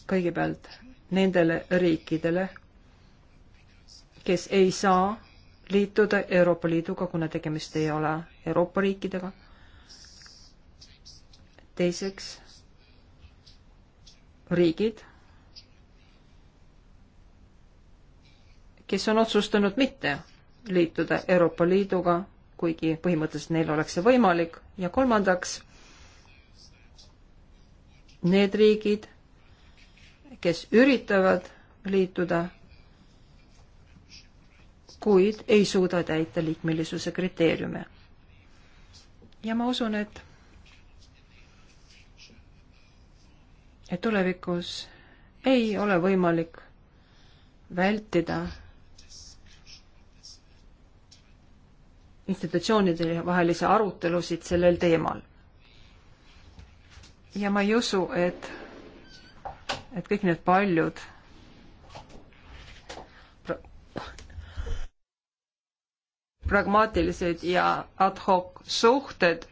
kõigepealt nendele riikidele, kes ei saa liituda Euroopa Liiduga, kuna tegemist ei ole Euroopa riikidega. teiseks, riigid, kes on otsustanud mitte liituda Euroopa Liiduga, kuigi põhimõtteliselt neil oleks see võimalik, ja kolmandaks, need riigid, kes üritavad liituda, kuid ei suuda täita liikmelisuse kriteeriume. ja ma usun, et et tulevikus ei ole võimalik vältida institutsioonide vahelisi arutelusid sellel teemal. ja ma ei usu, et et kõik need paljud pragmaatilised ja ad hoc suhted,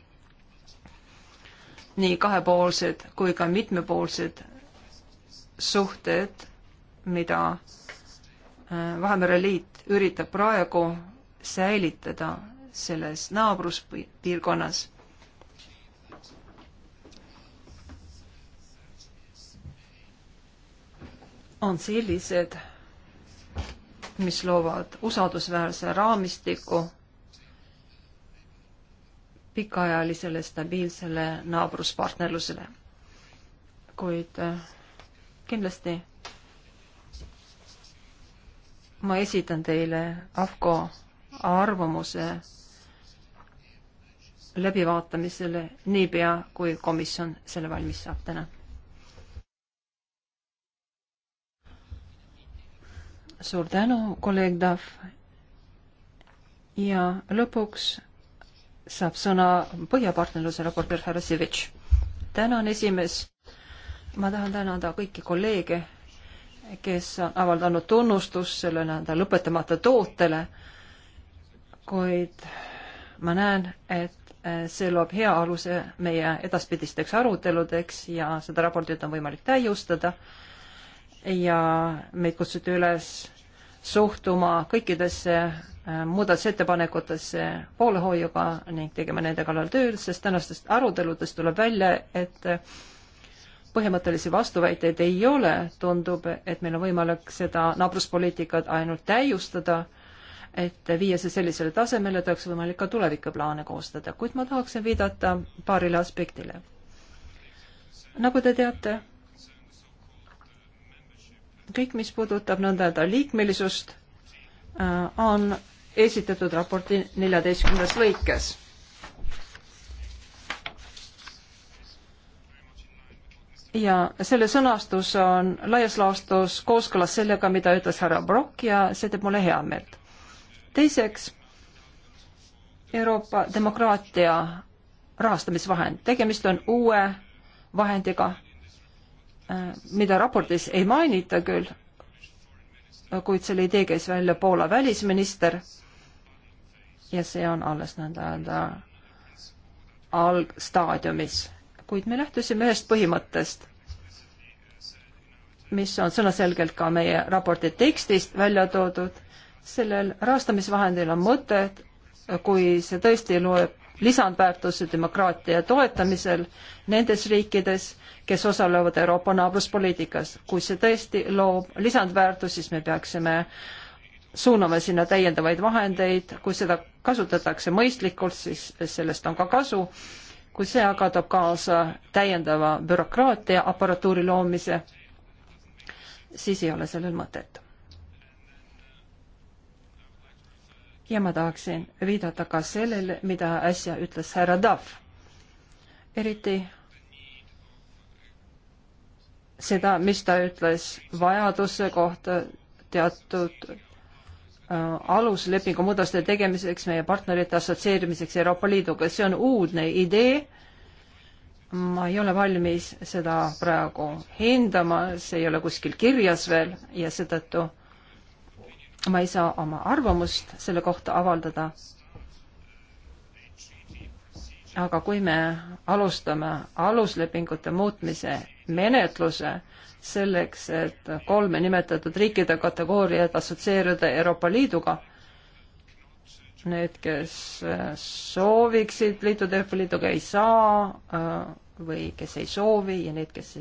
nii kahepoolsed kui ka mitmepoolsed suhted, mida äh, Vahemere Liit üritab praegu säilitada selles naabruspiirkonnas on sellised, mis loovad usaldusväärse raamistiku pikaajalisele stabiilsele naabruspartnerlusele. kuid äh, kindlasti ma esitan teile AFCO arvamuse läbivaatamisele niipea, kui komisjon selle valmis saab täna suur tänu, kolleeg Dav. ja lõpuks saab sõna Põhjapartnerluse raportöör härra Sivitš. tänan, esimees. ma tahan tänada kõiki kolleege, kes on avaldanud tunnustust selle nii-öelda lõpetamata tootele, kuid ma näen, et see loob hea aluse meie edaspidisteks aruteludeks ja seda raportit on võimalik täiustada ja meid kutsuti üles suhtuma kõikidesse äh, muudatusettepanekutesse poolehoiuga ning tegema nende kallal tööd, sest tänastest aruteludest tuleb välja, et äh, põhimõttelisi vastuväiteid ei ole, tundub, et meil on võimalik seda naabruspoliitikat ainult täiustada, et viia see sellisele tasemele, et oleks võimalik ka tulevikuplaane koostada, kuid ma tahaksin viidata paarile aspektile. nagu te teate kõik, mis puudutab nõnda-öelda liikmelisust, äh, on esitatud raporti neljateistkümnes lõikes. ja selle sõnastus on laias laastus kooskõlas sellega, mida ütles härra Brock ja see teeb mulle heameelt. teiseks, Euroopa demokraatia rahastamisvahend, tegemist on uue vahendiga Äh, mida raportis ei mainita küll, kuid selle idee käis välja Poola välisminister ja see on alles nõnda öelda algstaadiumis, kuid me lähtusime ühest põhimõttest, mis on sõnaselgelt ka meie raporti tekstist välja toodud, sellel rahastamisvahendil on mõte, kui see tõesti loeb lisandväärtuse demokraatia toetamisel nendes riikides, kes osalevad Euroopa naabruspoliitikas. kui see tõesti loob lisandväärtust, siis me peaksime suuname sinna täiendavaid vahendeid, kui seda kasutatakse mõistlikult, siis sellest on ka kasu. kui see aga toob kaasa täiendava bürokraatia aparatuuri loomise, siis ei ole sellel mõtet ja ma tahaksin viidata ka sellele, mida äsja ütles härra Dav. eriti seda, mis ta ütles vajaduse kohta teatud äh, aluslepingu muudatuste tegemiseks meie partnerite assotsieerimiseks Euroopa Liiduga, see on uudne idee ma ei ole valmis seda praegu hindama, see ei ole kuskil kirjas veel ja seetõttu ma ei saa oma arvamust selle kohta avaldada. aga kui me alustame aluslepingute muutmise menetluse selleks, et kolme nimetatud riikide kategooriat assotsieeruda Euroopa Liiduga, need, kes sooviksid liituda Euroopa Liiduga, ei saa äh, või kes ei soovi ja need, kes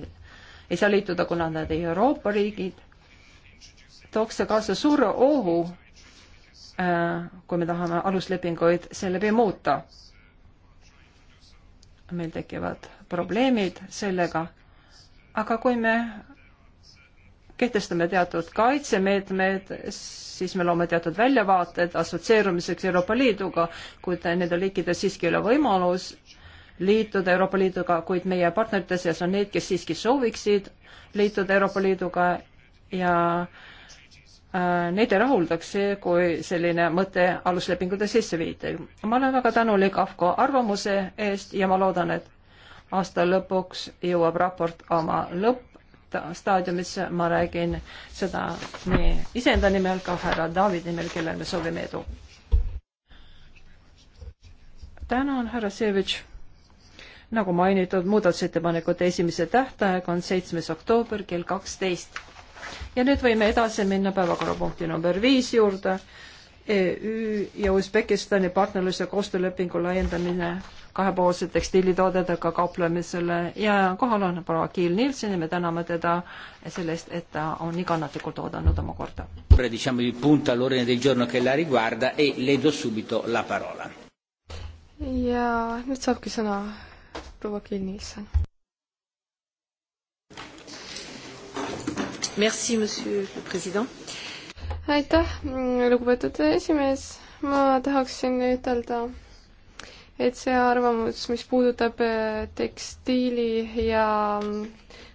ei saa liituda, kuna nad ei Euroopa riigid, tooks see kaasa suure ohu, äh, kui me tahame aluslepinguid seeläbi muuta. meil tekivad probleemid sellega, aga kui me kehtestame teatud kaitsemeetmed, siis me loome teatud väljavaated assotsieerumiseks Euroopa Liiduga, kuid nendel riikidel siiski ei ole võimalus liituda Euroopa Liiduga, kuid meie partnerite seas on need, kes siiski sooviksid liituda Euroopa Liiduga ja äh, Äh, neid ei rahuldaks see, kui selline mõte aluslepingute sisse viidi. ma olen väga tänulik AFCO arvamuse eest ja ma loodan, et aasta lõpuks jõuab raport oma lõppstaadiumisse, ma räägin seda nii iseenda nimel, ka härra David nimel, kellele me soovime edu. tänan, härra Sevitš. nagu mainitud, muudatusettepanekute esimese tähtaeg on seitsmes oktoober kell kaksteist ja nüüd võime edasi minna päevakorrapunkti number viis juurde. EU ja Usbekistani partnerluse koostöölepingu laiendamine kahepoolse tekstiilitoodetega kauplemisele ja kohal on proua Kiil Nilsen ja me täname teda sellest, et ta on nii kannatlikult oodanud oma korda. Diciamo il punto all'ordine del giorno che la riguarda e le do subito la parola. ja nüüd saabki sõna proua Kiil Nilsen. Merci, monsieur le president. aitäh, lugupeetud esimees, ma tahaksin ütelda, et see arvamus, mis puudutab eh, tekstiili ja mm,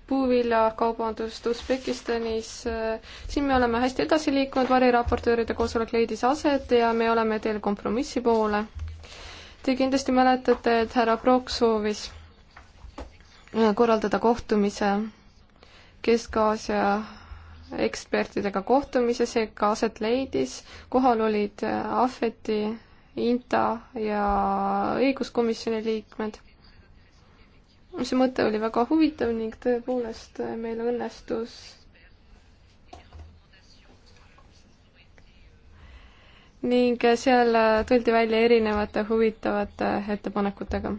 puuviljakaubandust Usbekistanis. Eh, siin me oleme hästi edasi liikunud, variraportööride koosolek leidis aset ja me oleme teel kompromissi poole. Te kindlasti mäletate, et härra Prokk soovis eh, korraldada kohtumise Kesk-Aasia ekspertidega kohtumise, see ka aset leidis, kohal olid äh, Ahveti, INTA ja õiguskomisjoni liikmed. see mõte oli väga huvitav ning tõepoolest äh, meil õnnestus ning äh, seal tuldi välja erinevate huvitavate ettepanekutega.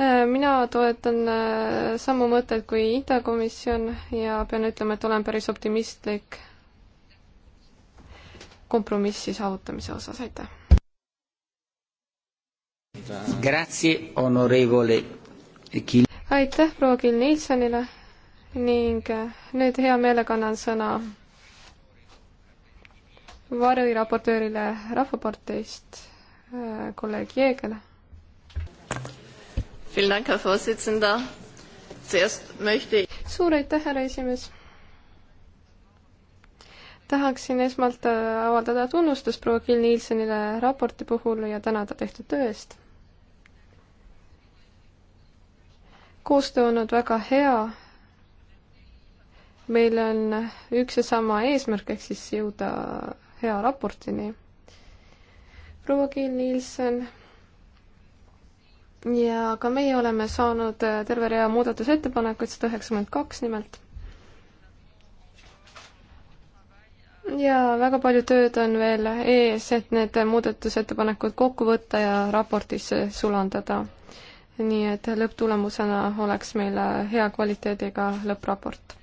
Äh, mina toetan äh, samu mõtteid kui Ida komisjon ja pean ütlema, et olen päris optimistlik kompromissi saavutamise osas, aitäh. aitäh proua Kill Nilssonile ning äh, nüüd hea meelega annan sõna variraportöörile Rahvaparteist, kolleeg Jeegele suur aitäh, härra esimees! tahaksin esmalt äh, avaldada tunnustust proua Kill Nielsenile raporti puhul ja tänada tehtud töö eest. koostöö on olnud väga hea. meil on üks ja sama eesmärk, ehk siis jõuda hea raportini. proua Kill Nielsen ja ka meie oleme saanud äh, terve rea muudatusettepanekuid, sada üheksakümmend kaks nimelt. ja väga palju tööd on veel ees, et need muudatusettepanekud kokku võtta ja raportisse sulandada. nii et lõpptulemusena oleks meil äh, hea kvaliteediga lõppraport.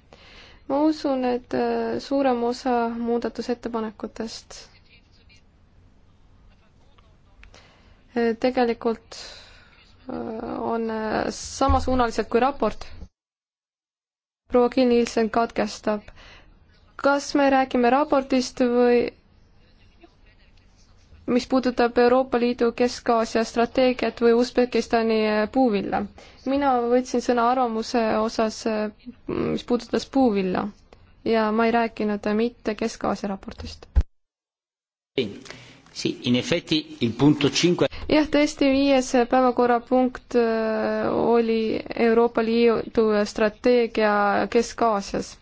ma usun, et äh, suurem osa muudatusettepanekutest tegelikult on äh, samasuunalised kui raport. proua Kinnilsen katkestab. kas me räägime raportist või mis puudutab Euroopa Liidu Kesk-Aasia strateegiat või Usbekistani äh, puuvilla? mina võtsin sõna arvamuse osas, äh, mis puudutas puuvilla ja ma ei rääkinud mitte Kesk-Aasia raportist jah, tõesti, viies päevakorrapunkt äh, oli Euroopa Liidu strateegia Kesk-Aasias.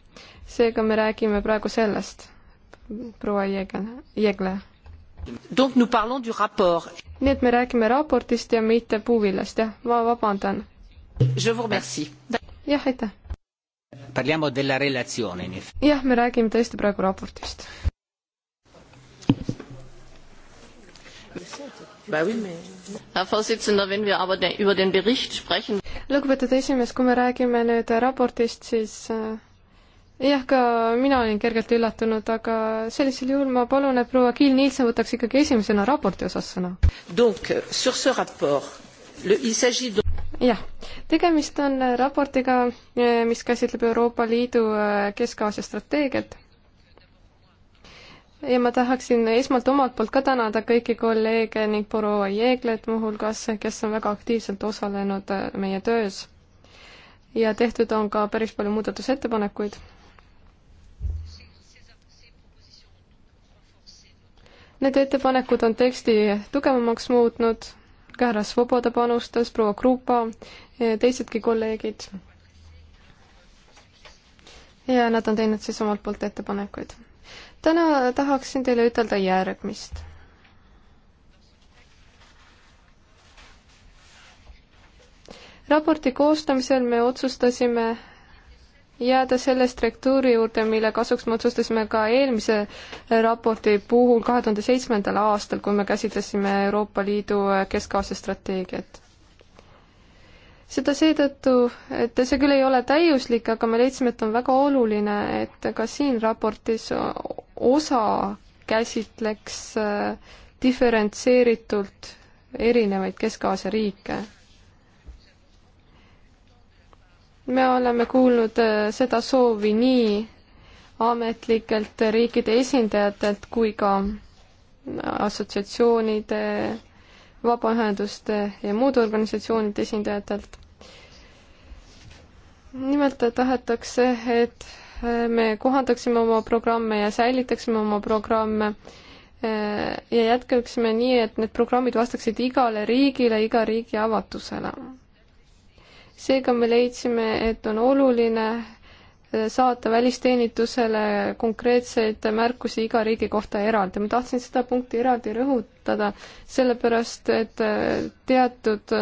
seega me räägime praegu sellest, proua Jeegel, Jeegle. nii et me räägime raportist ja mitte puuviljast, jah, ma vabandan. jah, aitäh. jah, me räägime tõesti praegu raportist lugupeetud esimees, kui me räägime nüüd raportist, siis äh, jah, ka mina olin kergelt üllatunud, aga sellisel juhul ma palun, et proua Kiil Nielsen võtaks ikkagi esimesena raporti osas sõna. jah, tegemist on raportiga, mis käsitleb Euroopa Liidu äh, Kesk-Aasia strateegiat ja ma tahaksin esmalt omalt poolt ka tänada kõiki kolleege ning Boroa Jeeglet muuhulgas, kes on väga aktiivselt osalenud äh, meie töös. ja tehtud on ka päris palju muudatusettepanekuid. Need ettepanekud on teksti tugevamaks muutnud, ka härra Svoboda panustas, proua Krupa, teisedki kolleegid. ja nad on teinud siis omalt poolt ettepanekuid täna tahaksin teile ütelda järgmist. raporti koostamisel me otsustasime jääda selle struktuuri juurde, mille kasuks me otsustasime ka eelmise raporti puhul kahe tuhande seitsmendal aastal, kui me käsitlesime Euroopa Liidu Kesk-Aasia strateegiat seda seetõttu, et see küll ei ole täiuslik, aga me leidsime, et on väga oluline, et ka siin raportis osa käsitleks äh, diferentseeritult erinevaid Kesk-Aasia riike. me oleme kuulnud äh, seda soovi nii ametlikelt riikide esindajatelt kui ka assotsiatsioonide vabaühenduste ja muude organisatsioonide esindajatelt. nimelt tahetakse, et äh, me kohandaksime oma programme ja säilitaksime oma programme äh, ja jätkaksime nii, et need programmid vastaksid igale riigile, iga riigi avatusele. seega me leidsime, et on oluline saata välisteenistusele konkreetseid märkusi iga riigi kohta eraldi. ma tahtsin seda punkti eraldi rõhutada, sellepärast et äh, teatud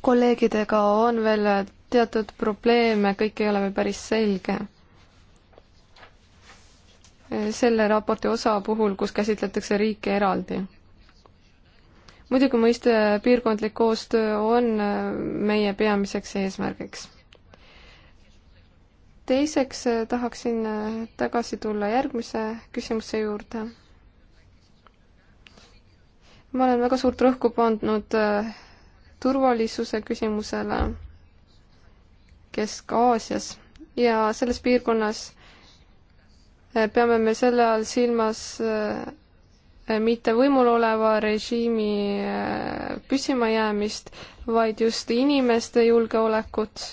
kolleegidega on veel teatud probleeme, kõik ei ole veel päris selge. selle raporti osa puhul, kus käsitletakse riike eraldi muidugi mõiste piirkondlik koostöö on äh, meie peamiseks eesmärgiks teiseks äh, tahaksin äh, tagasi tulla järgmise küsimuse juurde. ma olen väga suurt rõhku pandud äh, turvalisuse küsimusele Kesk-Aasias ja selles piirkonnas peame me selle all silmas mitte võimul oleva režiimi püsimajäämist, vaid just inimeste julgeolekut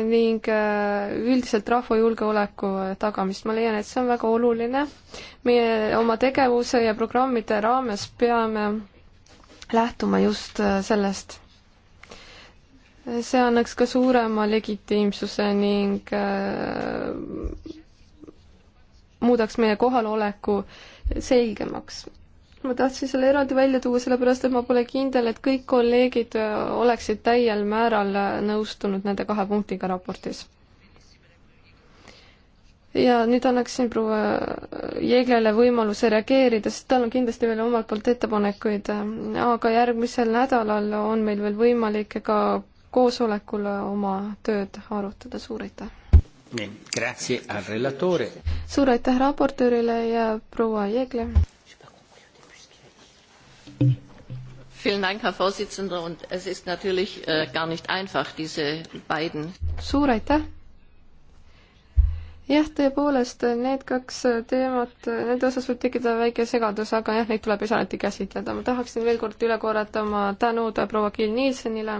ning äh, üldiselt rahva julgeoleku äh, tagamist. ma leian, et see on väga oluline. meie oma tegevuse ja programmide raames peame lähtuma just äh, sellest. see annaks ka suurema legitiimsuse ning muudaks meie kohaloleku selgemaks ma tahtsin selle eraldi välja tuua, sellepärast et ma pole kindel, et kõik kolleegid äh, oleksid täiel määral äh, nõustunud nende kahe punktiga raportis. ja nüüd annaksin proua äh, Jeeglele võimaluse reageerida, sest tal on kindlasti veel omalt poolt ettepanekuid, aga järgmisel nädalal on meil veel võimalik ka koosolekul oma tööd arutada, suur aitäh! suur aitäh raportöörile ja proua Jeegle! Vielen Dank, Herr Vorsitzender. Und es ist natürlich äh, gar nicht einfach, diese beiden. Suur aitäh! jah, tõepoolest, need kaks teemat, nende osas võib tekkida väike segadus, aga jah, neid tuleb alati käsitleda. ma tahaksin veel kord üle korrata oma tänud proua Kill Nielsenile.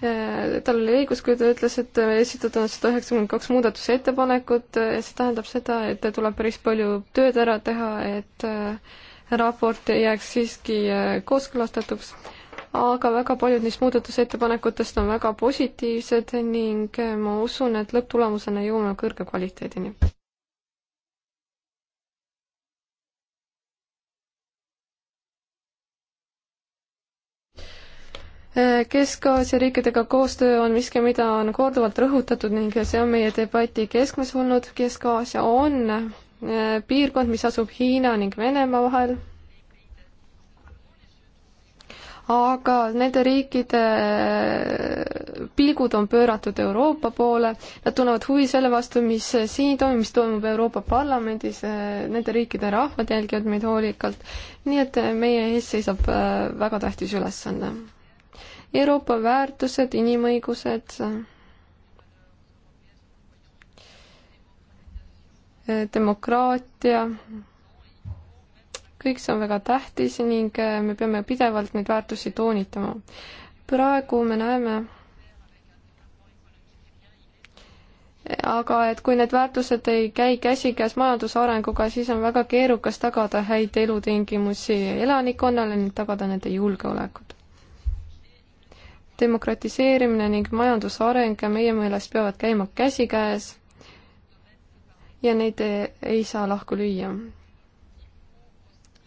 tal oli õigus, kui ta ütles, et esitatud on sada üheksakümmend kaks muudatusettepanekut ja see tähendab seda, et tuleb päris palju tööd ära teha, et äh, raport jääks siiski äh, kooskõlastatuks, aga väga paljud neist muudatusettepanekutest on väga positiivsed ning äh, ma usun, et lõpptulemusena jõuame kõrge kvaliteedini. Äh, Kesk-Aasia riikidega koostöö on miski, mida on korduvalt rõhutatud ning see on meie debati keskmes olnud. Kesk-Aasia on Äh, piirkond, mis asub Hiina ning Venemaa vahel. aga nende riikide äh, pilgud on pööratud Euroopa poole, nad tunnevad huvi selle vastu, mis äh, siin toimub, mis toimub Euroopa Parlamendis, nende riikide rahvad jälgivad meid hoolikalt, nii et meie ees seisab väga tähtis ülesanne. Euroopa väärtused, inimõigused demokraatia, kõik see on väga tähtis ning äh, me peame pidevalt neid väärtusi toonitama. praegu me näeme, aga et kui need väärtused ei käi käsikäes majandusarenguga, siis on väga keerukas tagada häid elutingimusi elanikkonnale ning tagada nende julgeolekut. demokratiseerimine ning majandusareng meie meelest peavad käima käsikäes ja neid ei saa lahku lüüa.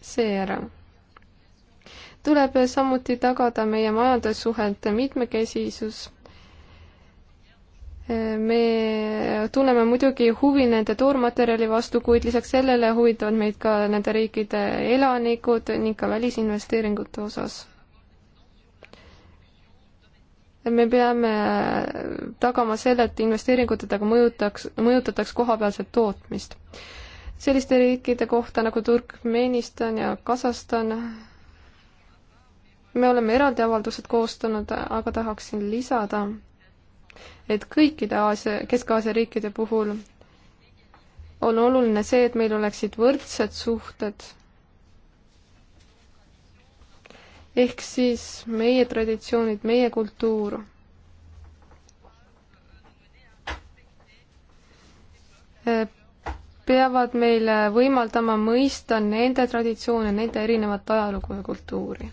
seejärel tuleb samuti tagada meie majandussuhete mitmekesisus. me tunneme muidugi huvi nende toormaterjali vastu, kuid lisaks sellele huvitavad meid ka nende riikide elanikud ning ka välisinvesteeringute osas me peame äh, tagama selle, et investeeringutega mõjutaks, mõjutataks kohapealset tootmist. selliste riikide kohta nagu Turkmenistan ja Kasahstan me oleme eraldi avaldused koostanud, aga tahaksin lisada, et kõikide Aasia, Kesk-Aasia riikide puhul on oluline see, et meil oleksid võrdsed suhted ehk siis meie traditsioonid, meie kultuur. peavad meile võimaldama mõista nende traditsioone, nende erinevat ajalugu ja kultuuri.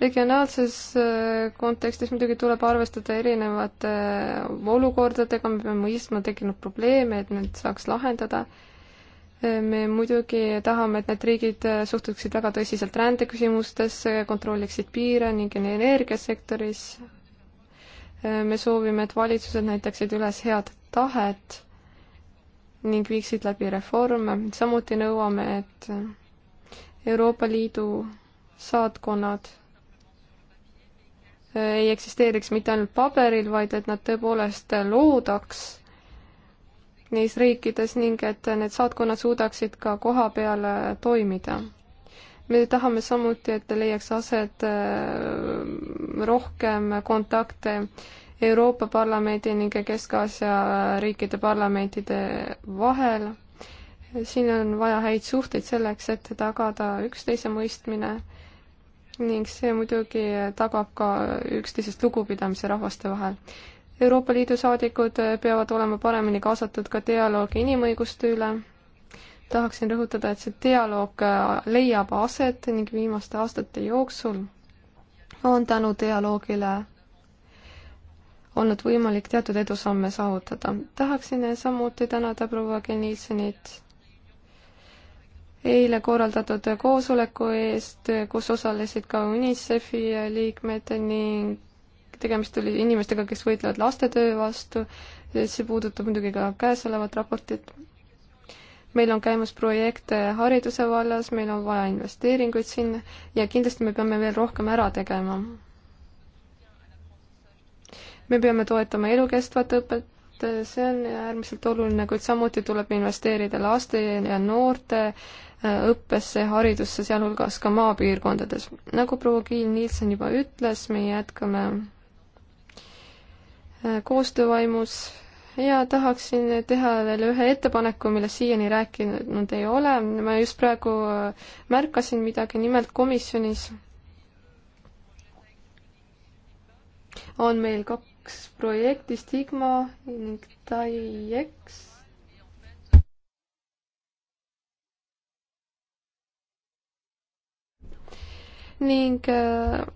regionaalses äh, kontekstis muidugi tuleb arvestada erinevate äh, olukordadega, me peame mõistma tekkinud probleeme, et need saaks lahendada me muidugi tahame, et need riigid äh, suhtuksid väga tõsiselt rändeküsimustesse, kontrolliksid piire ning energiasektoris. Äh, me soovime, et valitsused näitaksid üles head tahet ning viiksid läbi reforme, samuti nõuame, et äh, Euroopa Liidu saatkonnad ei eksisteeriks mitte ainult paberil, vaid et nad tõepoolest loodaks neis riikides ning et need saatkonnad suudaksid ka kohapeal äh, toimida. me tahame samuti, et leiaks aset äh, rohkem kontakte Euroopa Parlamendi ning Kesk-Aasia äh, riikide parlamentide vahel. siin on vaja häid suhteid selleks, et tagada üksteise mõistmine ning see muidugi tagab ka üksteisest lugupidamise rahvaste vahel. Euroopa Liidu saadikud äh, peavad olema paremini kaasatud ka dialoogi inimõiguste üle. tahaksin rõhutada, et see dialoog äh, leiab aset ning viimaste aastate jooksul on tänu dialoogile olnud võimalik teatud edusamme saavutada. tahaksin samuti tänada proua Genilsenit eile korraldatud koosoleku eest, kus osalesid ka UNICEF-i liikmed ning tegemist oli inimestega, kes võitlevad lastetöö vastu, see puudutab muidugi ka käesolevat raportit. meil on käimas projekte hariduse vallas, meil on vaja investeeringuid sinna ja kindlasti me peame veel rohkem ära tegema. me peame toetama elukestvat õpet, see on äärmiselt oluline, kuid samuti tuleb investeerida laste ja noorte äh, õppesse ja haridusse, sealhulgas ka maapiirkondades. nagu proua Kiil Nielsen juba ütles, me jätkame koostöövaimus ja tahaksin teha veel ühe ettepaneku, millest siiani rääkinud ei ole. ma just praegu äh, märkasin midagi, nimelt komisjonis on meil kaks projekti, Stigma ning TAIEX. ning äh,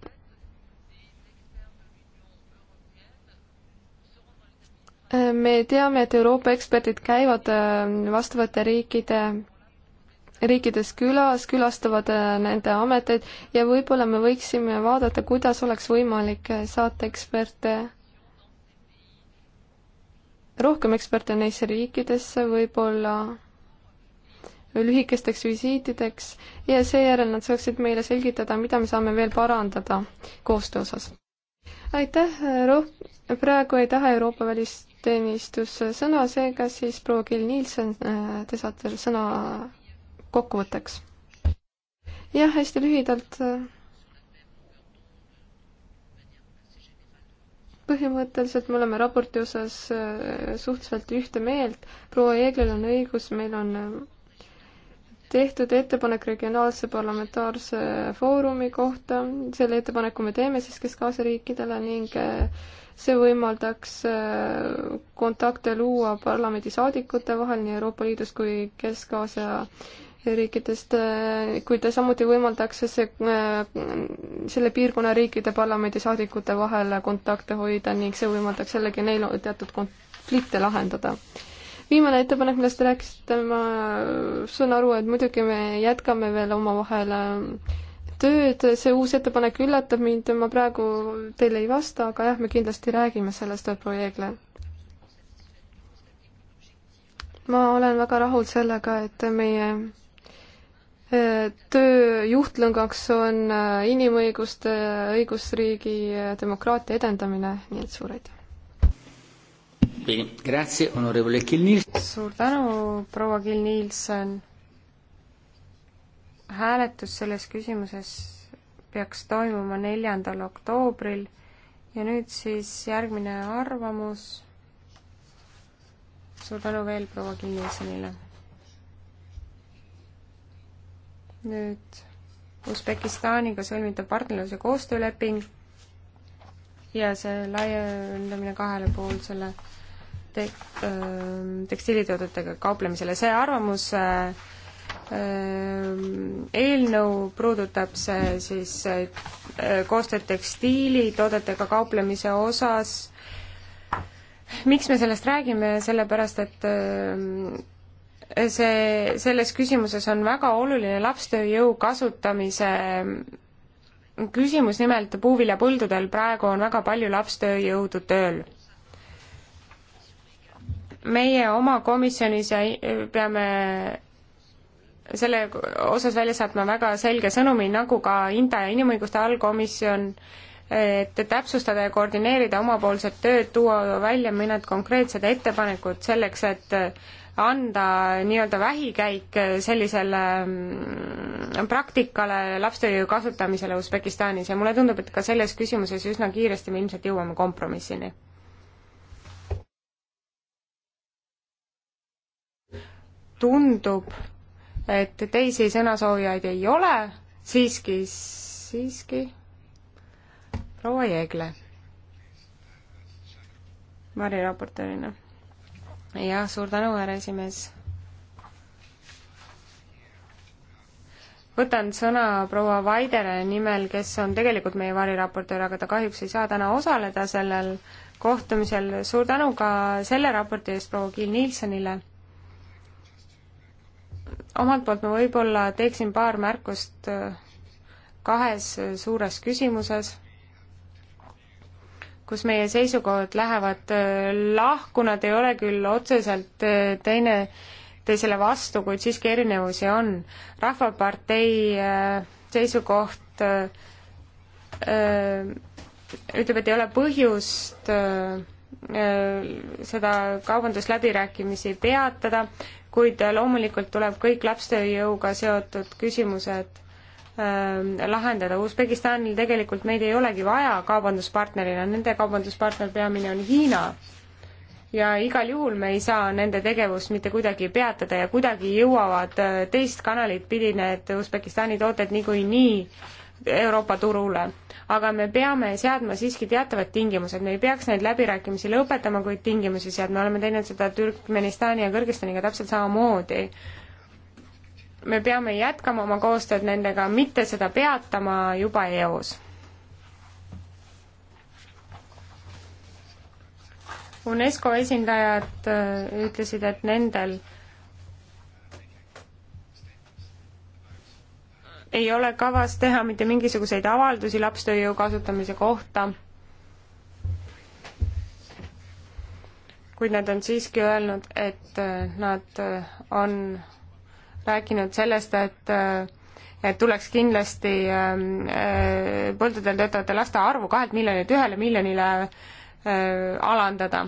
me teame, et Euroopa eksperdid käivad äh, vastavate riikide, riikides külas, külastavad äh, nende ameteid ja võib-olla me võiksime vaadata, kuidas oleks võimalik äh, saata eksperte, rohkem eksperte neisse riikidesse võib-olla lühikesteks visiitideks ja seejärel nad saaksid meile selgitada, mida me saame veel parandada koostöö osas. aitäh, roh-, praegu ei taha Euroopa välist teenistus sõna, seega siis proua Kill Nielsen, äh, te saate sõna kokkuvõtteks. jah, hästi lühidalt. Äh, põhimõtteliselt me oleme raporti osas äh, suhteliselt ühte meelt, proua Eeglil on õigus, meil on tehtud ettepanek regionaalse parlamentaarse foorumi kohta, selle ettepaneku me teeme siiski kaasa riikidele ning äh, see võimaldaks äh, kontakte luua parlamendisaadikute vahel nii Euroopa Liidus kui Kesk-Aasia riikidest, äh, kuid samuti võimaldaks see, äh, selle piirkonna riikide parlamendisaadikute vahel kontakte hoida ning see võimaldaks jällegi neil teatud konflikte lahendada. viimane ettepanek, millest te rääkisite, ma saan aru, et muidugi me jätkame veel omavahel tööd, see uus ettepanek üllatab mind, ma praegu teile ei vasta, aga jah, me kindlasti räägime sellest projektile. ma olen väga rahul sellega, et meie äh, töö juhtlõngaks on äh, inimõiguste, õigusriigi ja äh, demokraatia edendamine, nii et suur aitäh! suur tänu, proua Kill-Nielsen! hääletus selles küsimuses peaks toimuma neljandal oktoobril ja nüüd siis järgmine arvamus. suur tänu veel proua Kinnilsonile. nüüd Usbekistaniga sõlmitav partnerluse koostööleping ja see laiendamine kahele poolsele tek-, tekstiilitoodetega kauplemisele, see arvamus äh, eelnõu puudutab see siis koostööd tekstiilitoodetega kauplemise osas. miks me sellest räägime, sellepärast et see, selles küsimuses on väga oluline lapstööjõu kasutamise küsimus, nimelt puuviljapõldudel praegu on väga palju lapstööjõudu tööl meie oma komisjonis ja peame selle osas välja saatma väga selge sõnumi, nagu ka INTA ja Inimõiguste allkomisjon, et täpsustada ja koordineerida omapoolset tööd, tuua välja mõned konkreetsed ettepanekud selleks, et anda nii-öelda vähikäik sellisele mm, praktikale lapstööjõu kasutamisele Usbekistanis ja mulle tundub, et ka selles küsimuses üsna kiiresti me ilmselt jõuame kompromissini. tundub, et teisi sõnasoovijaid ei ole, siiski, siiski proua Jeegle. Mari raportöörina. jah, suur tänu, härra esimees. võtan sõna proua Vaidere nimel, kes on tegelikult meie variraportöör, aga ta kahjuks ei saa täna osaleda sellel kohtumisel. suur tänu ka selle raporti eest proua Kiil Nilssonile omalt poolt ma võib-olla teeksin paar märkust äh, kahes äh, suures küsimuses, kus meie seisukohad lähevad äh, lahku, nad ei ole küll otseselt teine, teisele vastu, kuid siiski erinevusi on. rahvapartei seisukoht ütleb, et ei ole põhjust seda kaubandusläbirääkimisi peatada, kuid loomulikult tuleb kõik lapstööjõuga seotud küsimused ähm, lahendada. Usbekistanil tegelikult meid ei olegi vaja kaubanduspartnerina, nende kaubanduspartner peamine on Hiina. ja igal juhul me ei saa nende tegevust mitte kuidagi peatada ja kuidagi jõuavad äh, teist kanalit pidi need Usbekistani tooted niikuinii nii Euroopa turule. aga me peame seadma siiski teatavad tingimused, me ei peaks neid läbirääkimisi lõpetama, kuid tingimusi seadma, oleme teinud seda Türkmenistani ja Kõrgõzstaniga täpselt samamoodi. me peame jätkama oma koostööd nendega, mitte seda peatama juba eos UNESCO esindajad äh, ütlesid, et nendel ei ole kavas teha mitte mingisuguseid avaldusi lapstööjõu kasutamise kohta, kuid nad on siiski öelnud, et äh, nad äh, on rääkinud sellest, et äh, et tuleks kindlasti ähm, põldudel töötavate laste arvu kahelt miljonilt ühele miljonile alandada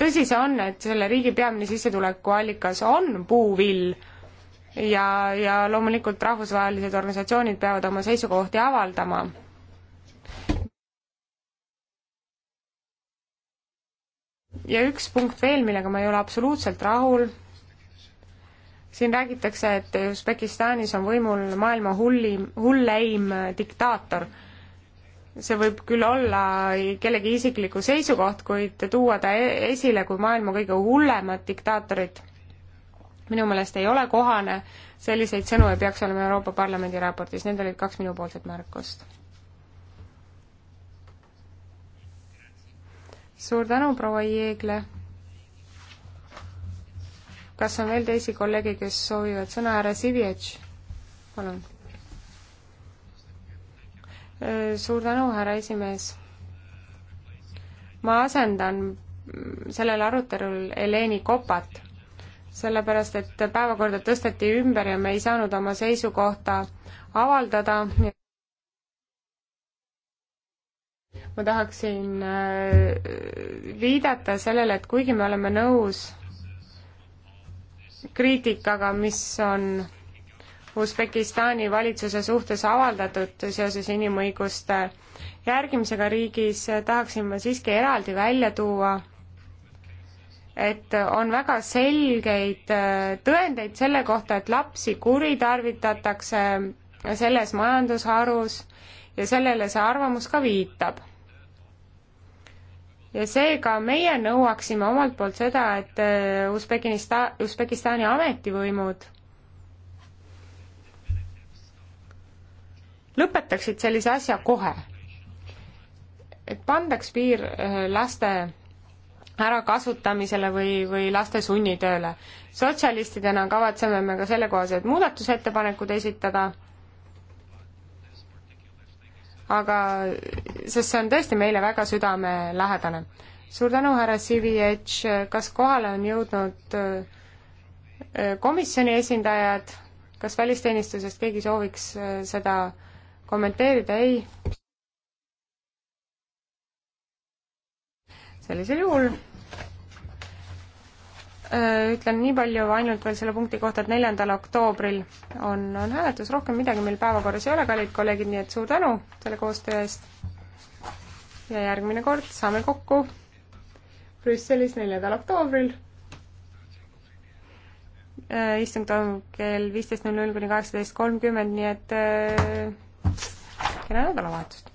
tõsi see on, et selle riigi peamine sissetulekuallikas on puuvill ja, ja loomulikult rahvusvahelised organisatsioonid peavad oma seisukohti avaldama. ja üks punkt veel, millega ma ei ole absoluutselt rahul, siin räägitakse, et Usbekistanis on võimul maailma hulli, hulleim diktaator. see võib küll olla kellegi isiklikku seisukoht, kuid tuua ta e-, esile kui maailma kõige hullemat diktaatorit minu meelest ei ole kohane, selliseid sõnu ei peaks olema Euroopa Parlamendi raportis, need olid kaks minupoolset märkust. suur tänu, proua Jeegle! kas on veel teisi kolleege, kes soovivad sõna, härra Sivjetš, palun. suur tänu, härra esimees. ma asendan sellel arutelul Eleni Kopat sellepärast et päevakorda tõsteti ümber ja me ei saanud oma seisukohta avaldada. ma tahaksin äh, viidata sellele, et kuigi me oleme nõus kriitikaga, mis on Usbekistani valitsuse suhtes avaldatud seoses inimõiguste järgimisega riigis, tahaksin ma siiski eraldi välja tuua et on väga selgeid äh, tõendeid selle kohta, et lapsi kuritarvitatakse selles majandusharus ja sellele see arvamus ka viitab. ja seega meie nõuaksime omalt poolt seda, et äh, Usbekistan, Usbekistani ametivõimud lõpetaksid sellise asja kohe. et pandaks piir äh, laste ärakasutamisele või, või laste sunnitööle. sotsialistidena kavatseme me ka sellekohased muudatusettepanekud esitada, aga, sest see on tõesti meile väga südamelähedane. suur tänu, härra Sivietš, kas kohale on jõudnud äh, komisjoni esindajad, kas välisteenistusest keegi sooviks äh, seda kommenteerida, ei? sellisel juhul Äh, ütlen nii palju ainult veel selle punkti kohta, et neljandal oktoobril on, on hääletus, rohkem midagi meil päevakorras ei ole, kallid kolleegid, nii et suur tänu selle koostöö eest. ja järgmine kord saame kokku Brüsselis neljandal oktoobril. Äh, istung toimub kell viisteist null null kuni kaheksateist kolmkümmend, nii et äh, kena nädalavahetust!